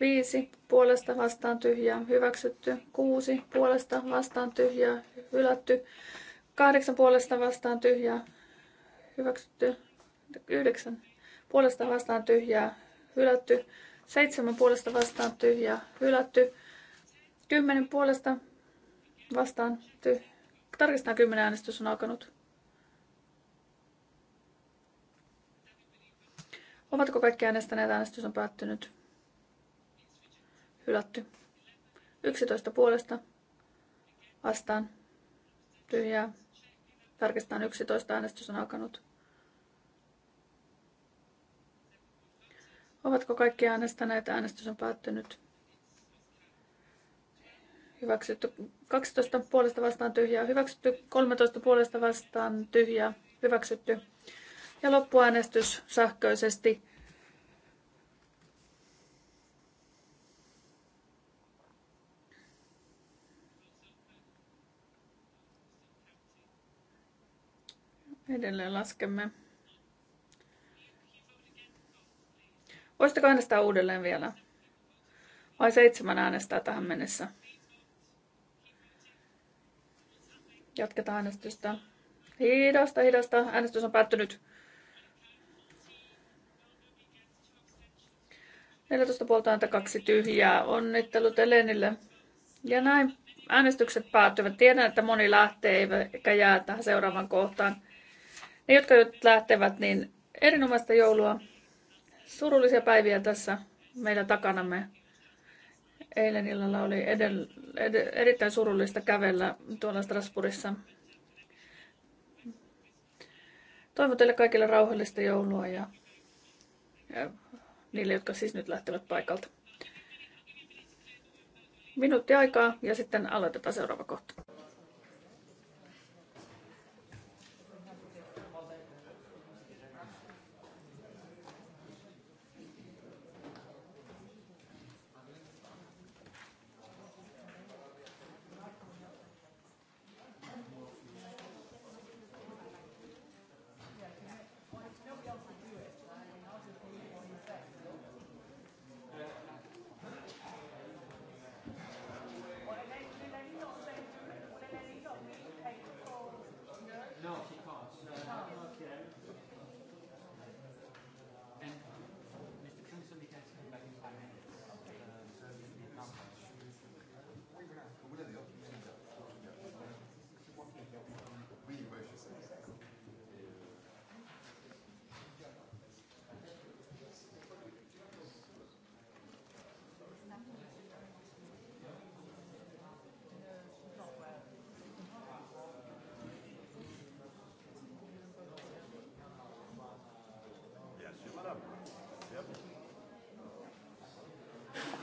Viisi puolesta vastaan tyhjää hyväksytty. Kuusi puolesta vastaan tyhjää hylätty. Kahdeksan puolesta vastaan tyhjää hyväksytty. Yhdeksän puolesta vastaan tyhjää hylätty. Seitsemän puolesta vastaan tyhjä hylätty. Kymmenen puolesta vastaan tyhjä. Tarkistetaan kymmenen äänestys on alkanut. Ovatko kaikki äänestäneet? Äänestys on päättynyt. Hylätty. 11 puolesta vastaan tyhjää. Tarkistetaan 11 äänestys on alkanut. Ovatko kaikki äänestäneet? Äänestys on päättynyt. Hyväksytty 12 puolesta vastaan tyhjää. Hyväksytty 13 puolesta vastaan tyhjää. Hyväksytty. Ja loppuäänestys sähköisesti. Edelleen laskemme. Voisitteko äänestää uudelleen vielä? Vai seitsemän äänestää tähän mennessä? Jatketaan äänestystä. Hidasta, hidasta. Äänestys on päättynyt. 14 puolta ääntä kaksi tyhjää. Onnittelut Elenille. Ja näin äänestykset päättyvät. Tiedän, että moni lähtee eikä jää tähän seuraavan kohtaan. Ne, jotka nyt lähtevät, niin erinomaista joulua. Surullisia päiviä tässä meidän takanamme. Eilen illalla oli edell- ed, erittäin surullista kävellä tuolla Strasbourgissa. Toivon teille kaikille rauhallista joulua ja, ja niille, jotka siis nyt lähtevät paikalta. Minuutti aikaa ja sitten aloitetaan seuraava kohta.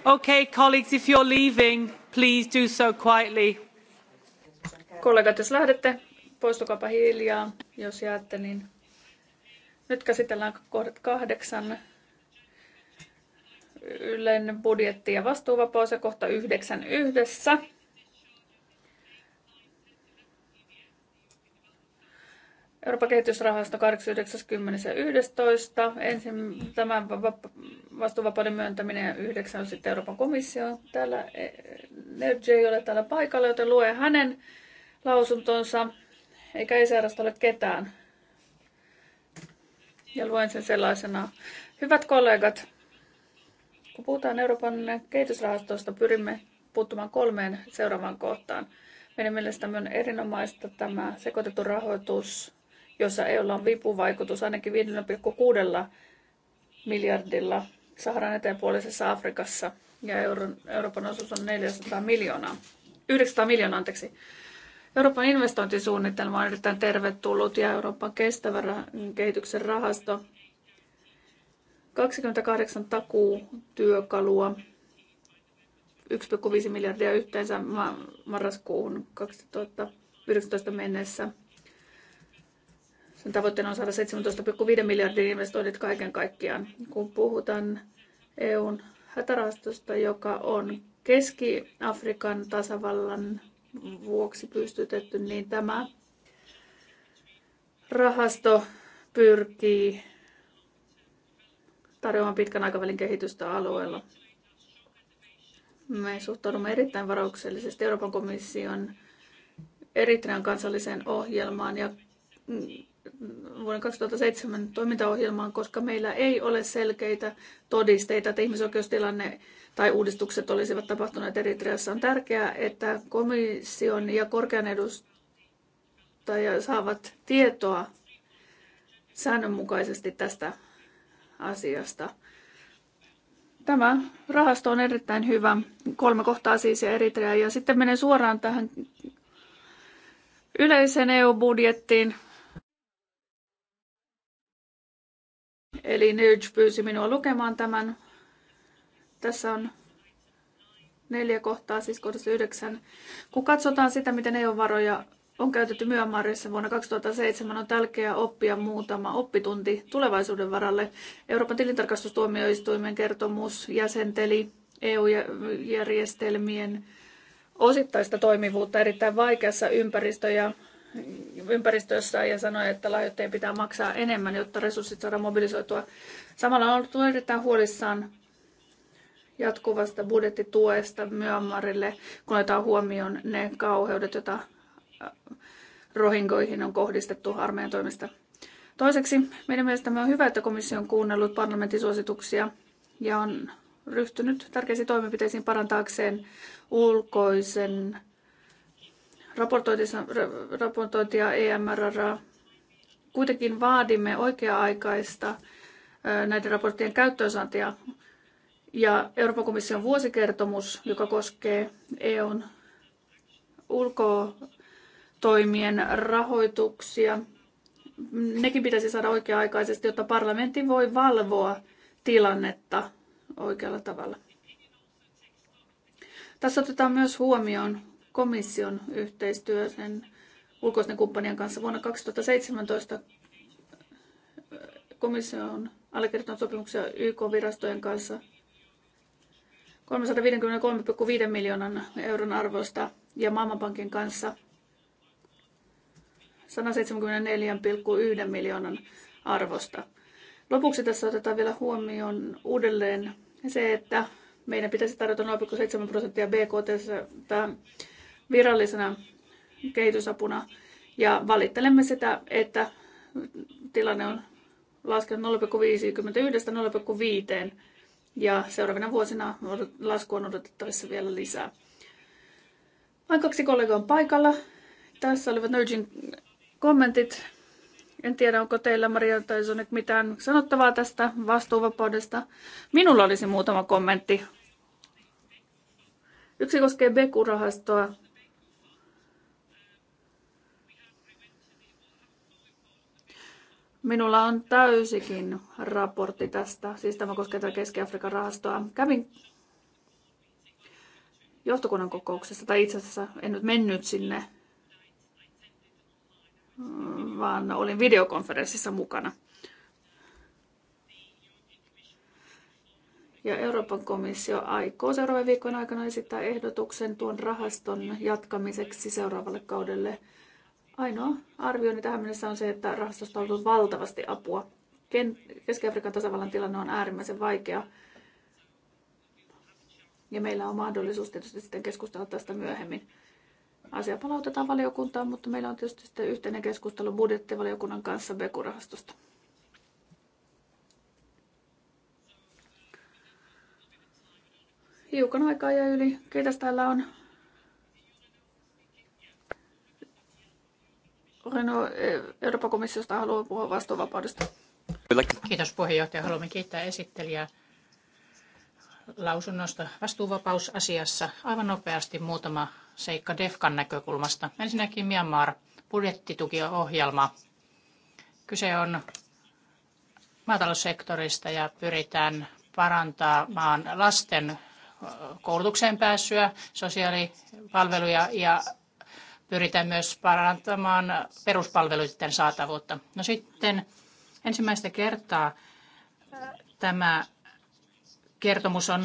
Okay, colleagues, if you're leaving, please do so quietly. Kollegat, jos lähdette, poistukaapa hiljaa, jos jäätte, niin nyt käsitellään kohdat kahdeksan yleinen budjetti ja vastuuvapaus ja kohta yhdeksän yhdessä. Euroopan kehitysrahasto 89.11. Ensin tämän vastuuvapauden myöntäminen ja yhdeksän on sitten Euroopan komissio. Täällä e, Nerd ei ole täällä paikalla, joten lue hänen lausuntonsa, eikä ei ole ketään. Ja luen sen sellaisena. Hyvät kollegat, kun puhutaan Euroopan kehitysrahastosta, pyrimme puuttumaan kolmeen seuraavaan kohtaan. Meidän mielestämme on erinomaista tämä sekoitettu rahoitus jossa EUlla on vipuvaikutus ainakin 5,6 miljardilla Saharan eteenpuolisessa Afrikassa ja Euron, Euroopan osuus on 400 miljoonaa. 900 miljoonaa, anteeksi. Euroopan investointisuunnitelma on erittäin tervetullut ja Euroopan kestävän kehityksen rahasto 28 takuutyökalua, 1,5 miljardia yhteensä marraskuuhun 2019 mennessä. Sen tavoitteena on saada 17,5 miljardin investoinnit kaiken kaikkiaan. Kun puhutaan EUn hätärahastosta, joka on Keski-Afrikan tasavallan vuoksi pystytetty, niin tämä rahasto pyrkii tarjoamaan pitkän aikavälin kehitystä alueella. Me suhtaudumme erittäin varauksellisesti Euroopan komission Eritrean kansalliseen ohjelmaan ja vuoden 2007 toimintaohjelmaan, koska meillä ei ole selkeitä todisteita, että ihmisoikeustilanne tai uudistukset olisivat tapahtuneet Eritreassa. On tärkeää, että komission ja korkean edustaja saavat tietoa säännönmukaisesti tästä asiasta. Tämä rahasto on erittäin hyvä. Kolme kohtaa siis ja Eritrea. Ja sitten menen suoraan tähän yleiseen EU-budjettiin. Eli Nirj pyysi minua lukemaan tämän. Tässä on neljä kohtaa, siis kohdassa yhdeksän. Kun katsotaan sitä, miten EU-varoja on käytetty Myanmarissa vuonna 2007, on tärkeää oppia muutama oppitunti tulevaisuuden varalle. Euroopan tilintarkastustuomioistuimen kertomus jäsenteli EU-järjestelmien osittaista toimivuutta erittäin vaikeassa ympäristö- ja ympäristössä ja sanoi, että lahjoitteen pitää maksaa enemmän, jotta resurssit saadaan mobilisoitua. Samalla on ollut erittäin huolissaan jatkuvasta budjettituesta Myanmarille, kun otetaan huomioon ne kauheudet, joita äh, rohingoihin on kohdistettu armeijan toimesta. Toiseksi meidän mielestämme on hyvä, että komissio on kuunnellut parlamentin suosituksia ja on ryhtynyt tärkeisiin toimenpiteisiin parantaakseen ulkoisen raportointia EMRR. Kuitenkin vaadimme oikea-aikaista näiden raporttien käyttöönsaantia ja Euroopan komission vuosikertomus, joka koskee EUn ulkotoimien rahoituksia. Nekin pitäisi saada oikea-aikaisesti, jotta parlamentti voi valvoa tilannetta oikealla tavalla. Tässä otetaan myös huomioon komission yhteistyö sen ulkoisten kumppanien kanssa. Vuonna 2017 komissio on allekirjoittanut sopimuksia YK-virastojen kanssa 353,5 miljoonan euron arvosta ja Maailmanpankin kanssa 174,1 miljoonan arvosta. Lopuksi tässä otetaan vielä huomioon uudelleen se, että meidän pitäisi tarjota 0,7 prosenttia BKT virallisena kehitysapuna ja valittelemme sitä, että tilanne on laskenut 0,51-0,5 ja seuraavina vuosina lasku on odotettavissa vielä lisää. Vain kaksi kollegaa on paikalla. Tässä olivat Nurgin kommentit. En tiedä, onko teillä Maria tai Sonek mitään sanottavaa tästä vastuuvapaudesta. Minulla olisi muutama kommentti. Yksi koskee Beku-rahastoa Minulla on täysikin raportti tästä, siis tämä koskee tätä Keski-Afrikan rahastoa. Kävin johtokunnan kokouksessa, tai itse asiassa en nyt mennyt sinne, vaan olin videokonferenssissa mukana. Ja Euroopan komissio aikoo seuraavan viikon aikana esittää ehdotuksen tuon rahaston jatkamiseksi seuraavalle kaudelle Ainoa arvioni tähän mennessä on se, että rahastosta on ollut valtavasti apua. Keski-Afrikan tasavallan tilanne on äärimmäisen vaikea. Ja meillä on mahdollisuus tietysti sitten keskustella tästä myöhemmin. Asia palautetaan valiokuntaan, mutta meillä on tietysti sitten yhteinen keskustelu budjettivaliokunnan kanssa Beku-rahastosta. Hiukan aikaa ja yli. Keitä täällä on? Kuka komissiosta haluaa puhua vastuuvapaudesta? Kiitos puheenjohtaja. Haluamme kiittää esittelijää lausunnosta vastuuvapausasiassa. Aivan nopeasti muutama seikka DEFKAN näkökulmasta. Ensinnäkin Myanmar budjettitukiohjelma. Kyse on maataloussektorista ja pyritään parantamaan lasten koulutukseen pääsyä, sosiaalipalveluja ja pyritään myös parantamaan peruspalveluiden saatavuutta. No sitten ensimmäistä kertaa tämä kertomus on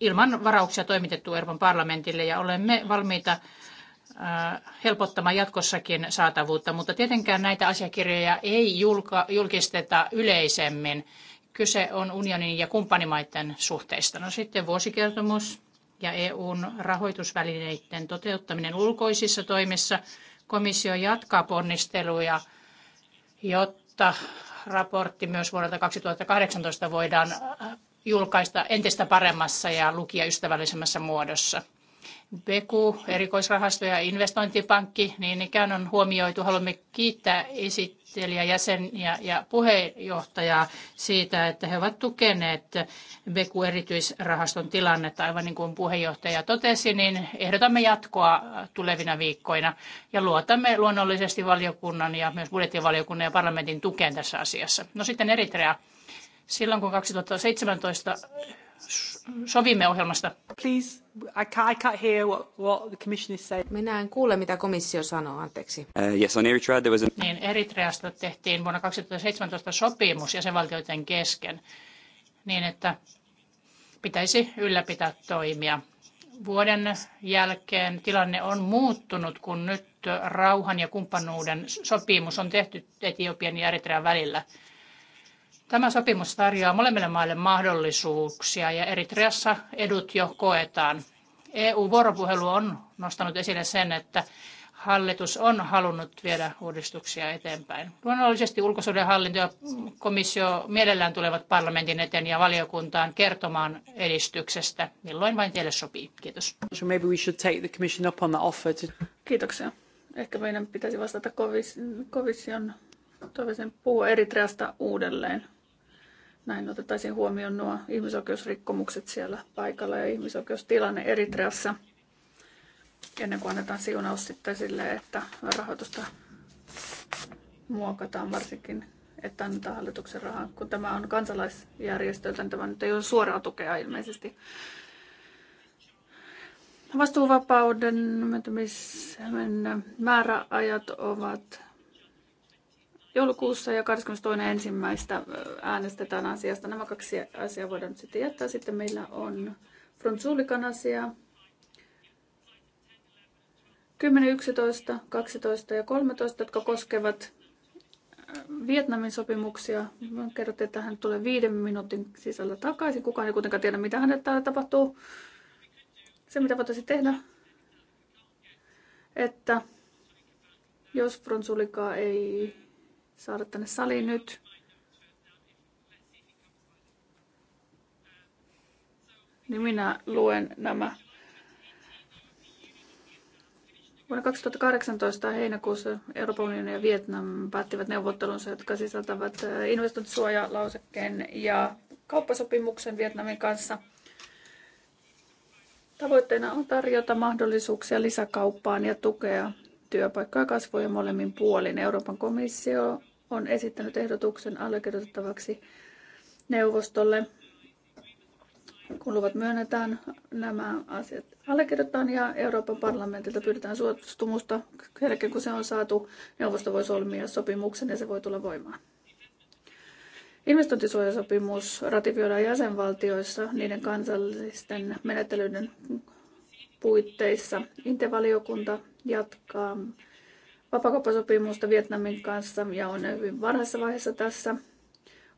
ilman varauksia toimitettu Euroopan parlamentille ja olemme valmiita äh, helpottamaan jatkossakin saatavuutta, mutta tietenkään näitä asiakirjoja ei julka, julkisteta yleisemmin. Kyse on unionin ja kumppanimaiden suhteista. No sitten vuosikertomus ja EUn rahoitusvälineiden toteuttaminen ulkoisissa toimissa. Komissio jatkaa ponnisteluja, jotta raportti myös vuodelta 2018 voidaan julkaista entistä paremmassa ja lukijaystävällisemmässä muodossa. Beku, erikoisrahasto ja investointipankki, niin ikään on huomioitu. Haluamme kiittää esittelijä, jäseniä ja puheenjohtajaa siitä, että he ovat tukeneet Beku erityisrahaston tilannetta. Aivan niin kuin puheenjohtaja totesi, niin ehdotamme jatkoa tulevina viikkoina ja luotamme luonnollisesti valiokunnan ja myös budjettivaliokunnan ja parlamentin tukeen tässä asiassa. No sitten Eritrea silloin, kun 2017 sovimme ohjelmasta. Please, I can't, I can't hear what, what the commission is saying. Minä en kuule, mitä komissio sanoo, anteeksi. Uh, yes, on Eritrea, there was a... Niin, Eritreasta tehtiin vuonna 2017 sopimus jäsenvaltioiden kesken, niin että pitäisi ylläpitää toimia. Vuoden jälkeen tilanne on muuttunut, kun nyt rauhan ja kumppanuuden sopimus on tehty Etiopian ja Eritrean välillä. Tämä sopimus tarjoaa molemmille maille mahdollisuuksia ja Eritreassa edut jo koetaan. EU-vuoropuhelu on nostanut esille sen, että hallitus on halunnut viedä uudistuksia eteenpäin. Luonnollisesti ulkosuhdehallinto ja komissio mielellään tulevat parlamentin eteen ja valiokuntaan kertomaan edistyksestä, milloin vain teille sopii. Kiitos. Kiitoksia. Ehkä meidän pitäisi vastata komission toivoisin puhua Eritreasta uudelleen. Näin otettaisiin huomioon nuo ihmisoikeusrikkomukset siellä paikalla ja ihmisoikeustilanne Eritreassa ennen kuin annetaan siunaus sitten sille, että rahoitusta muokataan varsinkin, että annetaan hallituksen rahaa. Kun tämä on kansalaisjärjestöltä, niin tämä nyt ei ole suoraa tukea ilmeisesti. Vastuuvapauden määräajat ovat joulukuussa ja 22.1. äänestetään asiasta. Nämä kaksi asiaa voidaan nyt sitten jättää. Sitten meillä on Frontsuulikan asia. 10, 11, 12 ja 13, jotka koskevat Vietnamin sopimuksia. Kerrottiin, että hän tulee viiden minuutin sisällä takaisin. Kukaan ei kuitenkaan tiedä, mitä hänelle täällä tapahtuu. Se, mitä voitaisiin tehdä, että jos Fronsulikaa ei saada tänne saliin nyt. Niin minä luen nämä. Vuonna 2018 heinäkuussa Euroopan unioni ja Vietnam päättivät neuvottelunsa, jotka sisältävät äh, investointisuojalausekkeen ja kauppasopimuksen Vietnamin kanssa. Tavoitteena on tarjota mahdollisuuksia lisäkauppaan ja tukea työpaikkaa kasvoi molemmin puolin. Euroopan komissio on esittänyt ehdotuksen allekirjoitettavaksi neuvostolle. Kun luvat myönnetään, nämä asiat allekirjoitetaan ja Euroopan parlamentilta pyydetään suostumusta. Jälkeen kun se on saatu, neuvosto voi solmia sopimuksen ja se voi tulla voimaan. Investointisuojasopimus ratifioidaan jäsenvaltioissa niiden kansallisten menettelyiden puitteissa. Intevaliokunta jatkaa vapakauppasopimusta Vietnamin kanssa ja on hyvin varhaisessa vaiheessa tässä.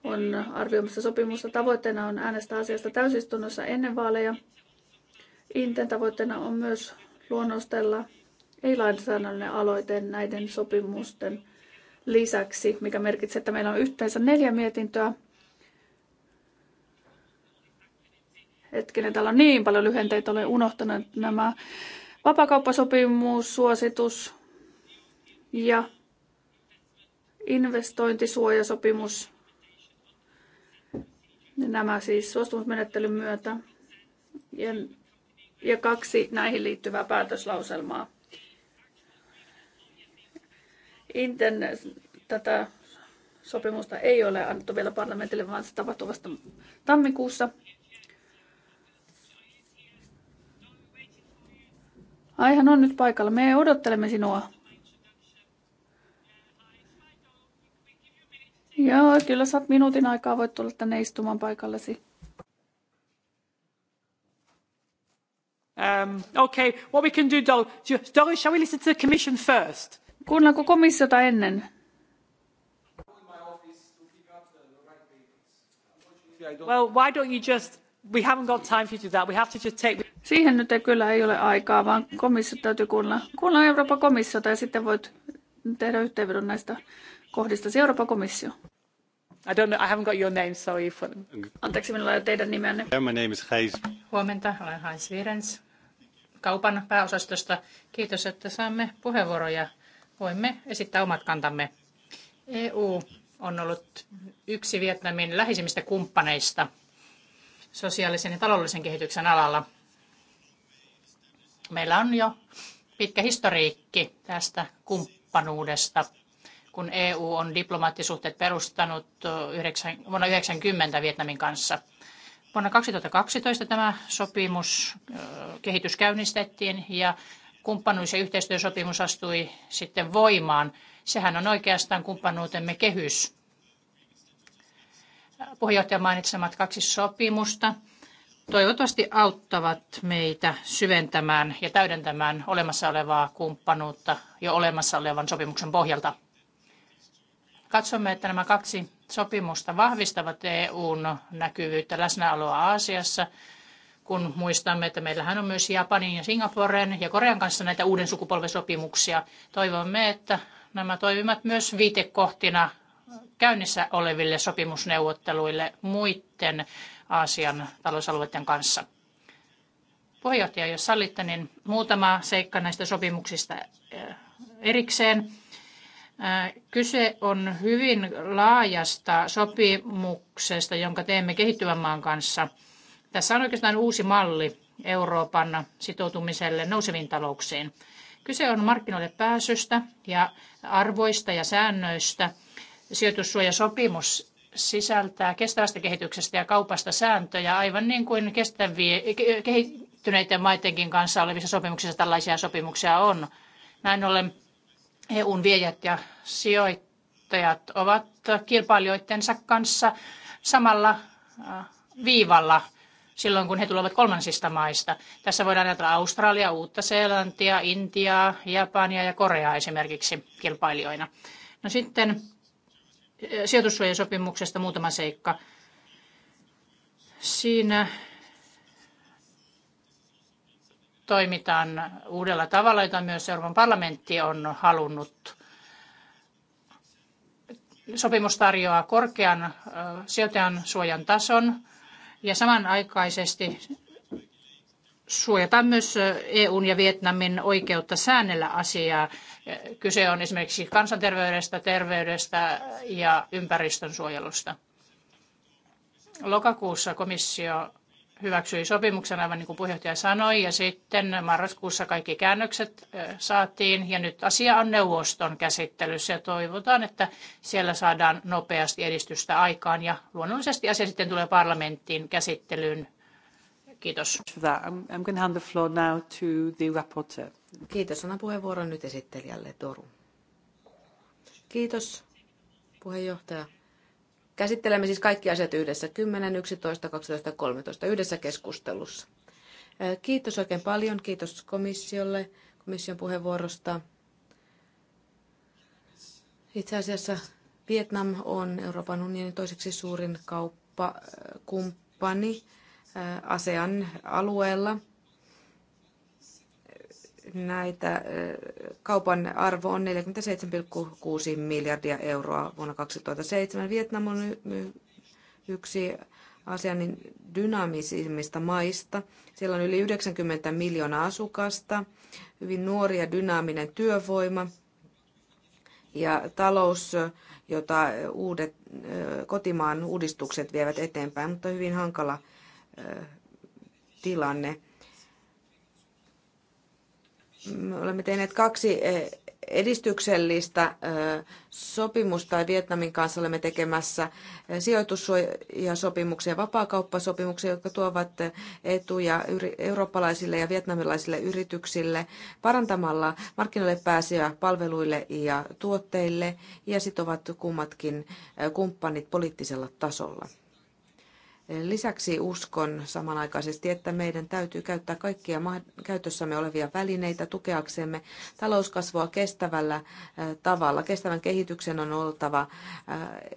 On arvioimassa sopimusta. Tavoitteena on äänestää asiasta täysistunnossa ennen vaaleja. Inten tavoitteena on myös luonnostella ei-lainsäädännöllinen aloite näiden sopimusten lisäksi, mikä merkitsee, että meillä on yhteensä neljä mietintöä. Hetkinen, täällä on niin paljon lyhenteitä, olen unohtanut nämä vapakauppasopimussuositus ja investointisuojasopimus. Nämä siis suostumusmenettelyn myötä ja, ja kaksi näihin liittyvää päätöslauselmaa. Inten tätä sopimusta ei ole annettu vielä parlamentille, vaan se tapahtuu vasta tammikuussa Aihan on nyt paikalla. Me odottelemme sinua. Joo, kyllä saat minuutin aikaa. Voit tulla tänne istumaan paikallesi. Um, okay, what we can do, Doris, Dolly, shall we listen to the commission first? Kuunnellaanko komissiota ennen? Well, why don't you just... We haven't got time for you to do that. We have to just take... Siihen nyt ei kyllä ei ole aikaa, vaan komissio täytyy kuulla, kuulla Euroopan komissio tai sitten voit tehdä yhteenvedon näistä kohdista. Euroopan komissio. I don't know, I haven't got your name, sorry. For... Anteeksi, minulla ei ole teidän nimenne. My name is Heis. Huomenta, olen Heis Virens kaupan pääosastosta. Kiitos, että saamme puheenvuoroja. Voimme esittää omat kantamme. EU on ollut yksi Vietnamin läheisimmistä kumppaneista sosiaalisen ja taloudellisen kehityksen alalla. Meillä on jo pitkä historiikki tästä kumppanuudesta, kun EU on diplomaattisuhteet perustanut vuonna 1990 Vietnamin kanssa. Vuonna 2012 tämä sopimus kehitys käynnistettiin ja kumppanuus- ja yhteistyösopimus astui sitten voimaan. Sehän on oikeastaan kumppanuutemme kehys. Puheenjohtaja mainitsemat kaksi sopimusta toivottavasti auttavat meitä syventämään ja täydentämään olemassa olevaa kumppanuutta jo olemassa olevan sopimuksen pohjalta. Katsomme, että nämä kaksi sopimusta vahvistavat EUn näkyvyyttä läsnäoloa Aasiassa, kun muistamme, että meillähän on myös Japanin ja Singaporen ja Korean kanssa näitä uuden sukupolven sopimuksia. Toivomme, että nämä toimivat myös viitekohtina käynnissä oleville sopimusneuvotteluille muiden Aasian talousalueiden kanssa. Puheenjohtaja, jos sallitte, niin muutama seikka näistä sopimuksista eh, erikseen. Eh, kyse on hyvin laajasta sopimuksesta, jonka teemme kehittyvän maan kanssa. Tässä on oikeastaan uusi malli Euroopan sitoutumiselle nouseviin talouksiin. Kyse on markkinoille pääsystä ja arvoista ja säännöistä – Sijoitussuojasopimus sisältää kestävästä kehityksestä ja kaupasta sääntöjä, aivan niin kuin kestäviä, kehittyneiden maidenkin kanssa olevissa sopimuksissa tällaisia sopimuksia on. Näin ollen EUn viejät ja sijoittajat ovat kilpailijoidensa kanssa samalla viivalla silloin, kun he tulevat kolmansista maista. Tässä voidaan ajatella Australia, Uutta-Seelantia, Intiaa, Japania ja Koreaa esimerkiksi kilpailijoina. No sitten sijoitussuojasopimuksesta muutama seikka. Siinä toimitaan uudella tavalla, jota myös Euroopan parlamentti on halunnut. Sopimus tarjoaa korkean sijoitajan suojan tason ja samanaikaisesti Suojata myös EUn ja Vietnamin oikeutta säännellä asiaa. Kyse on esimerkiksi kansanterveydestä, terveydestä ja ympäristön suojelusta. Lokakuussa komissio hyväksyi sopimuksen, aivan niin kuin puheenjohtaja sanoi, ja sitten marraskuussa kaikki käännökset saatiin, ja nyt asia on neuvoston käsittelyssä, ja toivotaan, että siellä saadaan nopeasti edistystä aikaan, ja luonnollisesti asia sitten tulee parlamenttiin käsittelyyn Kiitos. Hyvä. I'm, going to hand the floor now to the rapporteur. Kiitos. Annan puheenvuoron nyt esittelijälle, Doru. Kiitos, puheenjohtaja. Käsittelemme siis kaikki asiat yhdessä 10, 11, 12 13 yhdessä keskustelussa. Kiitos oikein paljon. Kiitos komissiolle komission puheenvuorosta. Itse asiassa Vietnam on Euroopan unionin toiseksi suurin kauppakumppani. ASEAN alueella. Näitä kaupan arvo on 47,6 miljardia euroa vuonna 2007. Vietnam on yksi ASEANin dynaamisimmista maista. Siellä on yli 90 miljoonaa asukasta, hyvin nuori ja dynaaminen työvoima ja talous, jota uudet kotimaan uudistukset vievät eteenpäin, mutta hyvin hankala tilanne. Me olemme tehneet kaksi e, edistyksellistä e, sopimusta Vietnamin kanssa olemme tekemässä e, sijoitussuojasopimuksia ja vapaakauppasopimuksia, jotka tuovat etuja eurooppalaisille ja vietnamilaisille yrityksille parantamalla markkinoille pääsyä palveluille ja tuotteille ja sitovat kummatkin kumppanit poliittisella tasolla. Lisäksi uskon samanaikaisesti, että meidän täytyy käyttää kaikkia käytössämme olevia välineitä tukeaksemme talouskasvua kestävällä tavalla. Kestävän kehityksen on oltava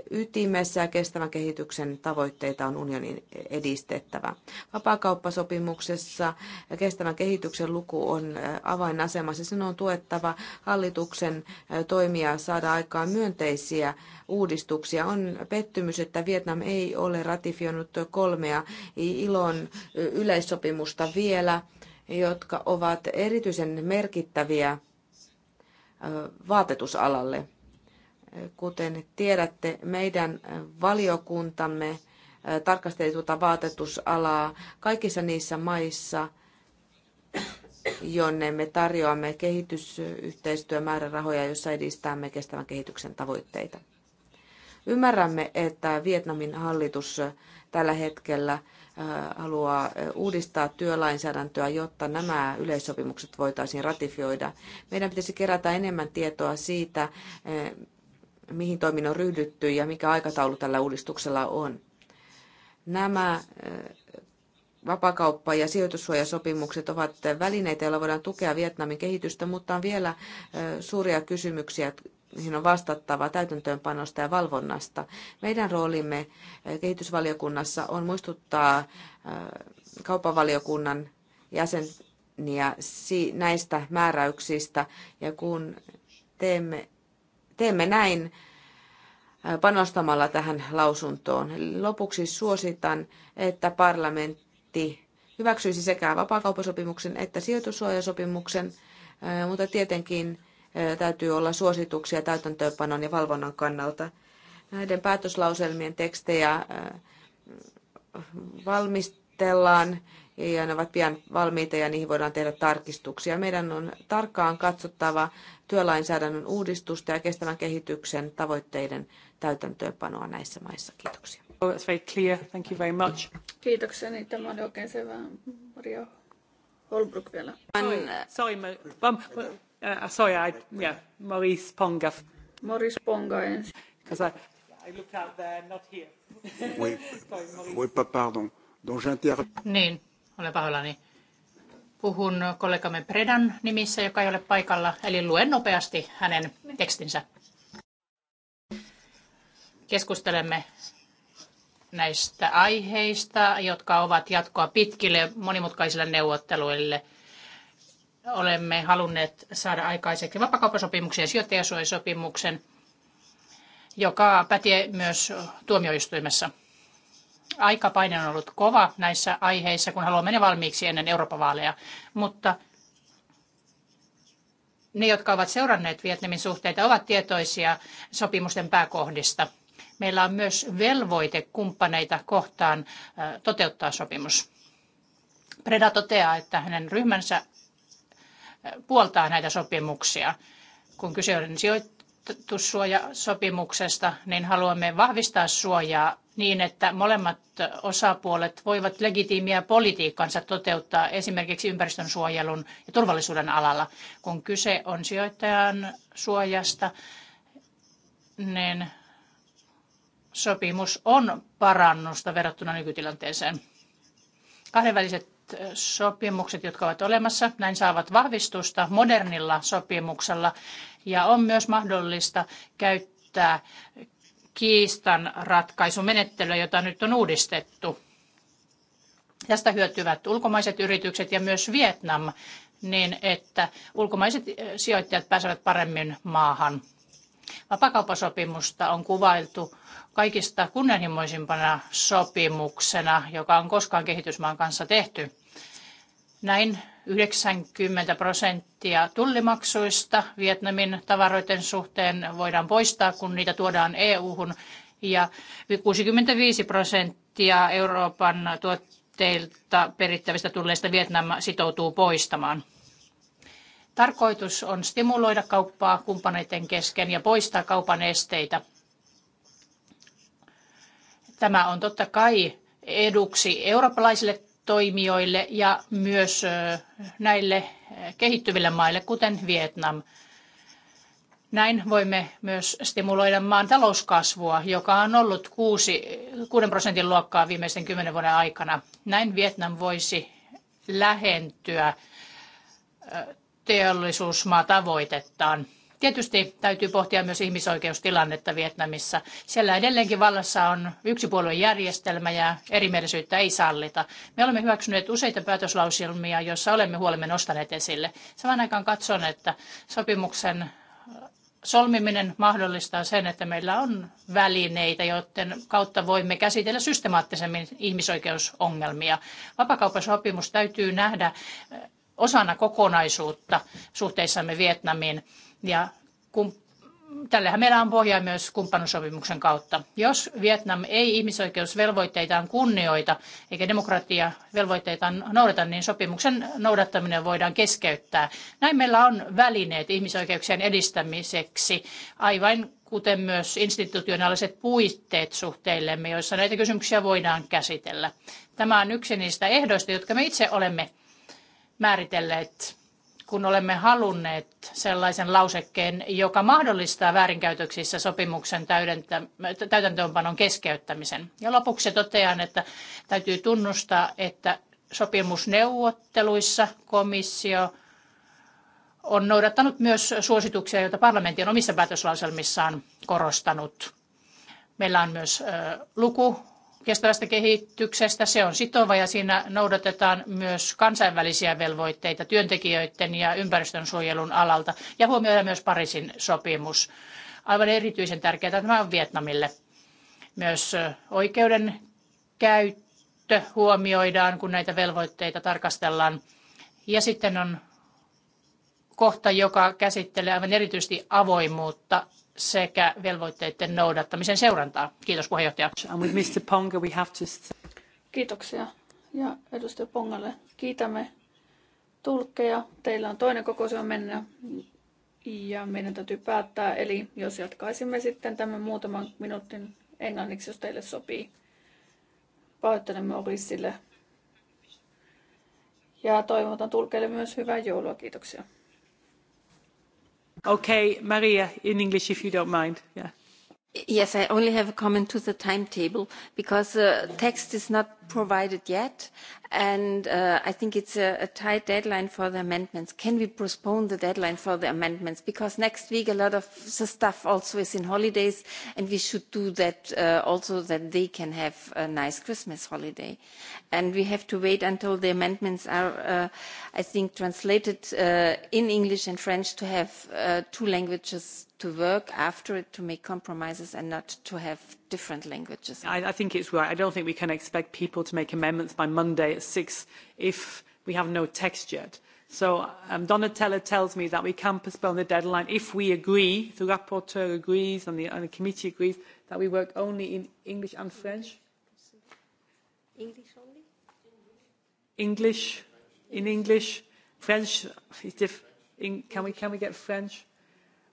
ytimessä ja kestävän kehityksen tavoitteita on unionin edistettävä. Vapaakauppasopimuksessa kestävän kehityksen luku on avainasemassa. Sen on tuettava hallituksen toimia saada aikaan myönteisiä uudistuksia. On pettymys, että Vietnam ei ole ratifioinut kolmea ilon yleissopimusta vielä, jotka ovat erityisen merkittäviä vaatetusalalle. Kuten tiedätte, meidän valiokuntamme tarkasteli tuota vaatetusalaa kaikissa niissä maissa, jonne me tarjoamme kehitysyhteistyömäärärahoja, jossa edistämme kestävän kehityksen tavoitteita. Ymmärrämme, että Vietnamin hallitus äh, tällä hetkellä äh, haluaa äh, uudistaa työlainsäädäntöä, jotta nämä yleissopimukset voitaisiin ratifioida. Meidän pitäisi kerätä enemmän tietoa siitä, mihin toimin on ryhdytty ja mikä aikataulu tällä uudistuksella on. Nämä vapakauppa- ja sijoitussuojasopimukset ovat välineitä, joilla voidaan tukea Vietnamin kehitystä, mutta on vielä suuria kysymyksiä siinä on vastattava täytäntöönpanosta ja valvonnasta. Meidän roolimme eh, kehitysvaliokunnassa on muistuttaa eh, kaupavaliokunnan jäseniä näistä määräyksistä ja kun teemme, teemme näin, eh, panostamalla tähän lausuntoon. Lopuksi suositan, että parlamentti hyväksyisi sekä vapaakauppasopimuksen että sijoitussuojasopimuksen, mutta tietenkin täytyy olla suosituksia täytäntöönpanon ja valvonnan kannalta. Näiden päätöslauselmien tekstejä valmistellaan ja ne ovat pian valmiita ja niihin voidaan tehdä tarkistuksia. Meidän on tarkkaan katsottava työlainsäädännön uudistusta ja kestävän kehityksen tavoitteiden täytäntöönpanoa näissä maissa. Kiitoksia. Oh, that's very clear. Thank you very much. Kiitoksia. Niin, tämä oli oikein selvä. Maria Holbrook vielä. Sorry, sorry. Uh, sorry, I, yeah, Maurice Ponga. Maurice Ponga ensin. Because I, I looked out there, not here. oui, sorry, oui, pardon. Donc j'inter... Niin, olen pahoillani. Puhun kollegamme Predan nimissä, joka ei ole paikalla, eli luen nopeasti hänen tekstinsä. Keskustelemme näistä aiheista, jotka ovat jatkoa pitkille monimutkaisille neuvotteluille – olemme halunneet saada aikaiseksi vapakauppasopimuksen ja sijoittajasuojasopimuksen, joka pätee myös tuomioistuimessa. Aikapaine on ollut kova näissä aiheissa, kun haluamme ne valmiiksi ennen Euroopan vaaleja, mutta ne, jotka ovat seuranneet Vietnamin suhteita, ovat tietoisia sopimusten pääkohdista. Meillä on myös velvoite kumppaneita kohtaan toteuttaa sopimus. Preda toteaa, että hänen ryhmänsä puoltaa näitä sopimuksia. Kun kyse on sijoitussuojasopimuksesta, niin haluamme vahvistaa suojaa niin, että molemmat osapuolet voivat legitiimiä politiikkansa toteuttaa esimerkiksi ympäristönsuojelun ja turvallisuuden alalla. Kun kyse on sijoittajan suojasta, niin sopimus on parannusta verrattuna nykytilanteeseen. Kahdenväliset sopimukset, jotka ovat olemassa, näin saavat vahvistusta modernilla sopimuksella ja on myös mahdollista käyttää kiistan ratkaisumenettelyä, jota nyt on uudistettu. Tästä hyötyvät ulkomaiset yritykset ja myös Vietnam niin, että ulkomaiset eh, sijoittajat pääsevät paremmin maahan. Vapakauppasopimusta on kuvailtu kaikista kunnianhimoisimpana sopimuksena, joka on koskaan kehitysmaan kanssa tehty. Näin 90 prosenttia tullimaksuista Vietnamin tavaroiden suhteen voidaan poistaa, kun niitä tuodaan EU-hun. Ja 65 prosenttia Euroopan tuotteilta perittävistä tulleista Vietnam sitoutuu poistamaan. Tarkoitus on stimuloida kauppaa kumppaneiden kesken ja poistaa kaupan esteitä. Tämä on totta kai eduksi eurooppalaisille toimijoille ja myös näille kehittyville maille, kuten Vietnam. Näin voimme myös stimuloida maan talouskasvua, joka on ollut 6, 6 prosentin luokkaa viimeisten kymmenen vuoden aikana. Näin Vietnam voisi lähentyä teollisuusmaatavoitettaan. Tietysti täytyy pohtia myös ihmisoikeustilannetta Vietnamissa. Siellä edelleenkin vallassa on yksipuoluejärjestelmä ja erimielisyyttä ei sallita. Me olemme hyväksyneet useita päätöslauselmia, joissa olemme huolemme nostaneet esille. Samaan aikaan katson, että sopimuksen solmiminen mahdollistaa sen, että meillä on välineitä, joiden kautta voimme käsitellä systemaattisemmin ihmisoikeusongelmia. Vapakauppasopimus täytyy nähdä osana kokonaisuutta suhteissamme Vietnamiin ja kun Tällähän meillä on pohja myös kumppanuussopimuksen kautta. Jos Vietnam ei ihmisoikeusvelvoitteitaan kunnioita eikä demokratia velvoitteitaan noudata, niin sopimuksen noudattaminen voidaan keskeyttää. Näin meillä on välineet ihmisoikeuksien edistämiseksi, aivan kuten myös institutionaaliset puitteet suhteillemme, joissa näitä kysymyksiä voidaan käsitellä. Tämä on yksi niistä ehdoista, jotka me itse olemme määritelleet, kun olemme halunneet sellaisen lausekkeen, joka mahdollistaa väärinkäytöksissä sopimuksen täytäntöönpanon keskeyttämisen. Ja lopuksi totean, että täytyy tunnustaa, että sopimusneuvotteluissa komissio on noudattanut myös suosituksia, joita parlamentti on omissa päätöslauselmissaan korostanut. Meillä on myös luku kestävästä kehityksestä. Se on sitova ja siinä noudatetaan myös kansainvälisiä velvoitteita työntekijöiden ja ympäristönsuojelun alalta ja huomioidaan myös Pariisin sopimus. Aivan erityisen tärkeää tämä on Vietnamille. Myös oikeuden käyttö huomioidaan, kun näitä velvoitteita tarkastellaan. Ja sitten on kohta, joka käsittelee aivan erityisesti avoimuutta sekä velvoitteiden noudattamisen seurantaa. Kiitos puheenjohtaja. Mr. Kiitoksia. Ja edustaja Pongalle kiitämme tulkkeja. Teillä on toinen kokous on mennä ja meidän täytyy päättää. Eli jos jatkaisimme sitten tämän muutaman minuutin englanniksi, jos teille sopii. Pahoittelemme Orissille. Ja toivotan tulkeille myös hyvää joulua. Kiitoksia. Okay, Maria, in English if you don't mind. Yeah. Yes, I only have a comment to the timetable because the uh, text is not provided yet and uh, I think it's a, a tight deadline for the amendments. Can we postpone the deadline for the amendments? Because next week a lot of the staff also is in holidays, and we should do that uh, also that they can have a nice Christmas holiday. And we have to wait until the amendments are, uh, I think, translated uh, in English and French to have uh, two languages to work after it to make compromises and not to have different languages. I, I think it's right. I don't think we can expect people to make amendments by Monday at six if we have no text yet. So um, Donatella tells me that we can postpone the deadline if we agree, the rapporteur agrees and the, and the committee agrees, that we work only in English and French. English only? English, in English. French, is diff in, can, we, can we get French?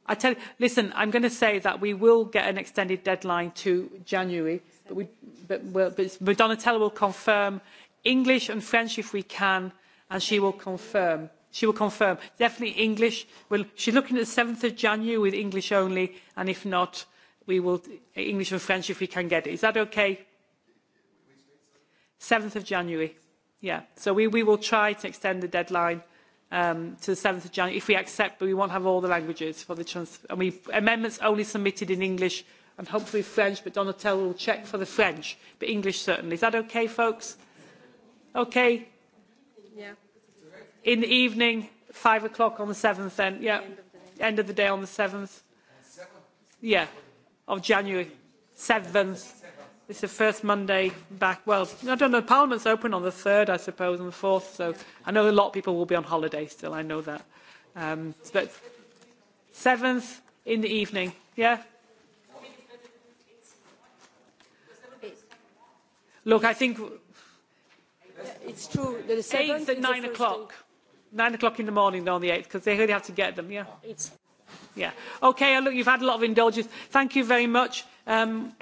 I tell you, listen, I'm going to say that we will get an extended deadline to January, but, we, but, we'll, but Donatella will confirm English and French if we can, and she will confirm. She will confirm. Definitely English. Well, she's looking at the 7th of January with English only, and if not, we will English and French if we can get it. Is that okay? 7th of January. Yeah. So we, we will try to extend the deadline um, to the 7th of January, if we accept, but we won't have all the languages for the transfer. And we amendments only submitted in English and hopefully French, but Donatella will check for the French, but English certainly. Is that okay, folks? Okay? Yeah. In the evening, 5 o'clock on the 7th then, yeah. End of, the End of the day on the 7th. Yeah, of January. 7th. It's the first Monday back. Well, I don't know. Parliament's open on the 3rd, I suppose, and the 4th. So I know a lot of people will be on holiday still. I know that. Um, but 7th in the evening. Yeah? Look, I think. It's true. The 7th at 9 o'clock. 9 o'clock in the morning, though, on the 8th, because they really have to get them, yeah? It's... Yeah. Okay, uh, look, you've had a lot of indulgence. Thank you very much. Um,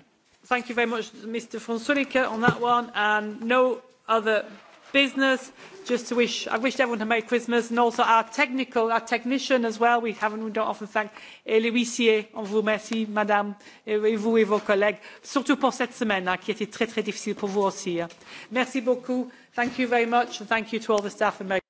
Thank you very much, Mr. Fonsulica, on that one. And no other business. Just to wish, I wish everyone a Merry Christmas, and also our technical, our technician as well. We haven't, we don't often thank les huissiers On vous remercie, Madame, et vous et vos collègues, surtout pour cette semaine, hein, qui a été très très difficile pour vous aussi. Hein. Merci beaucoup. Thank you very much, and thank you to all the staff. And Merry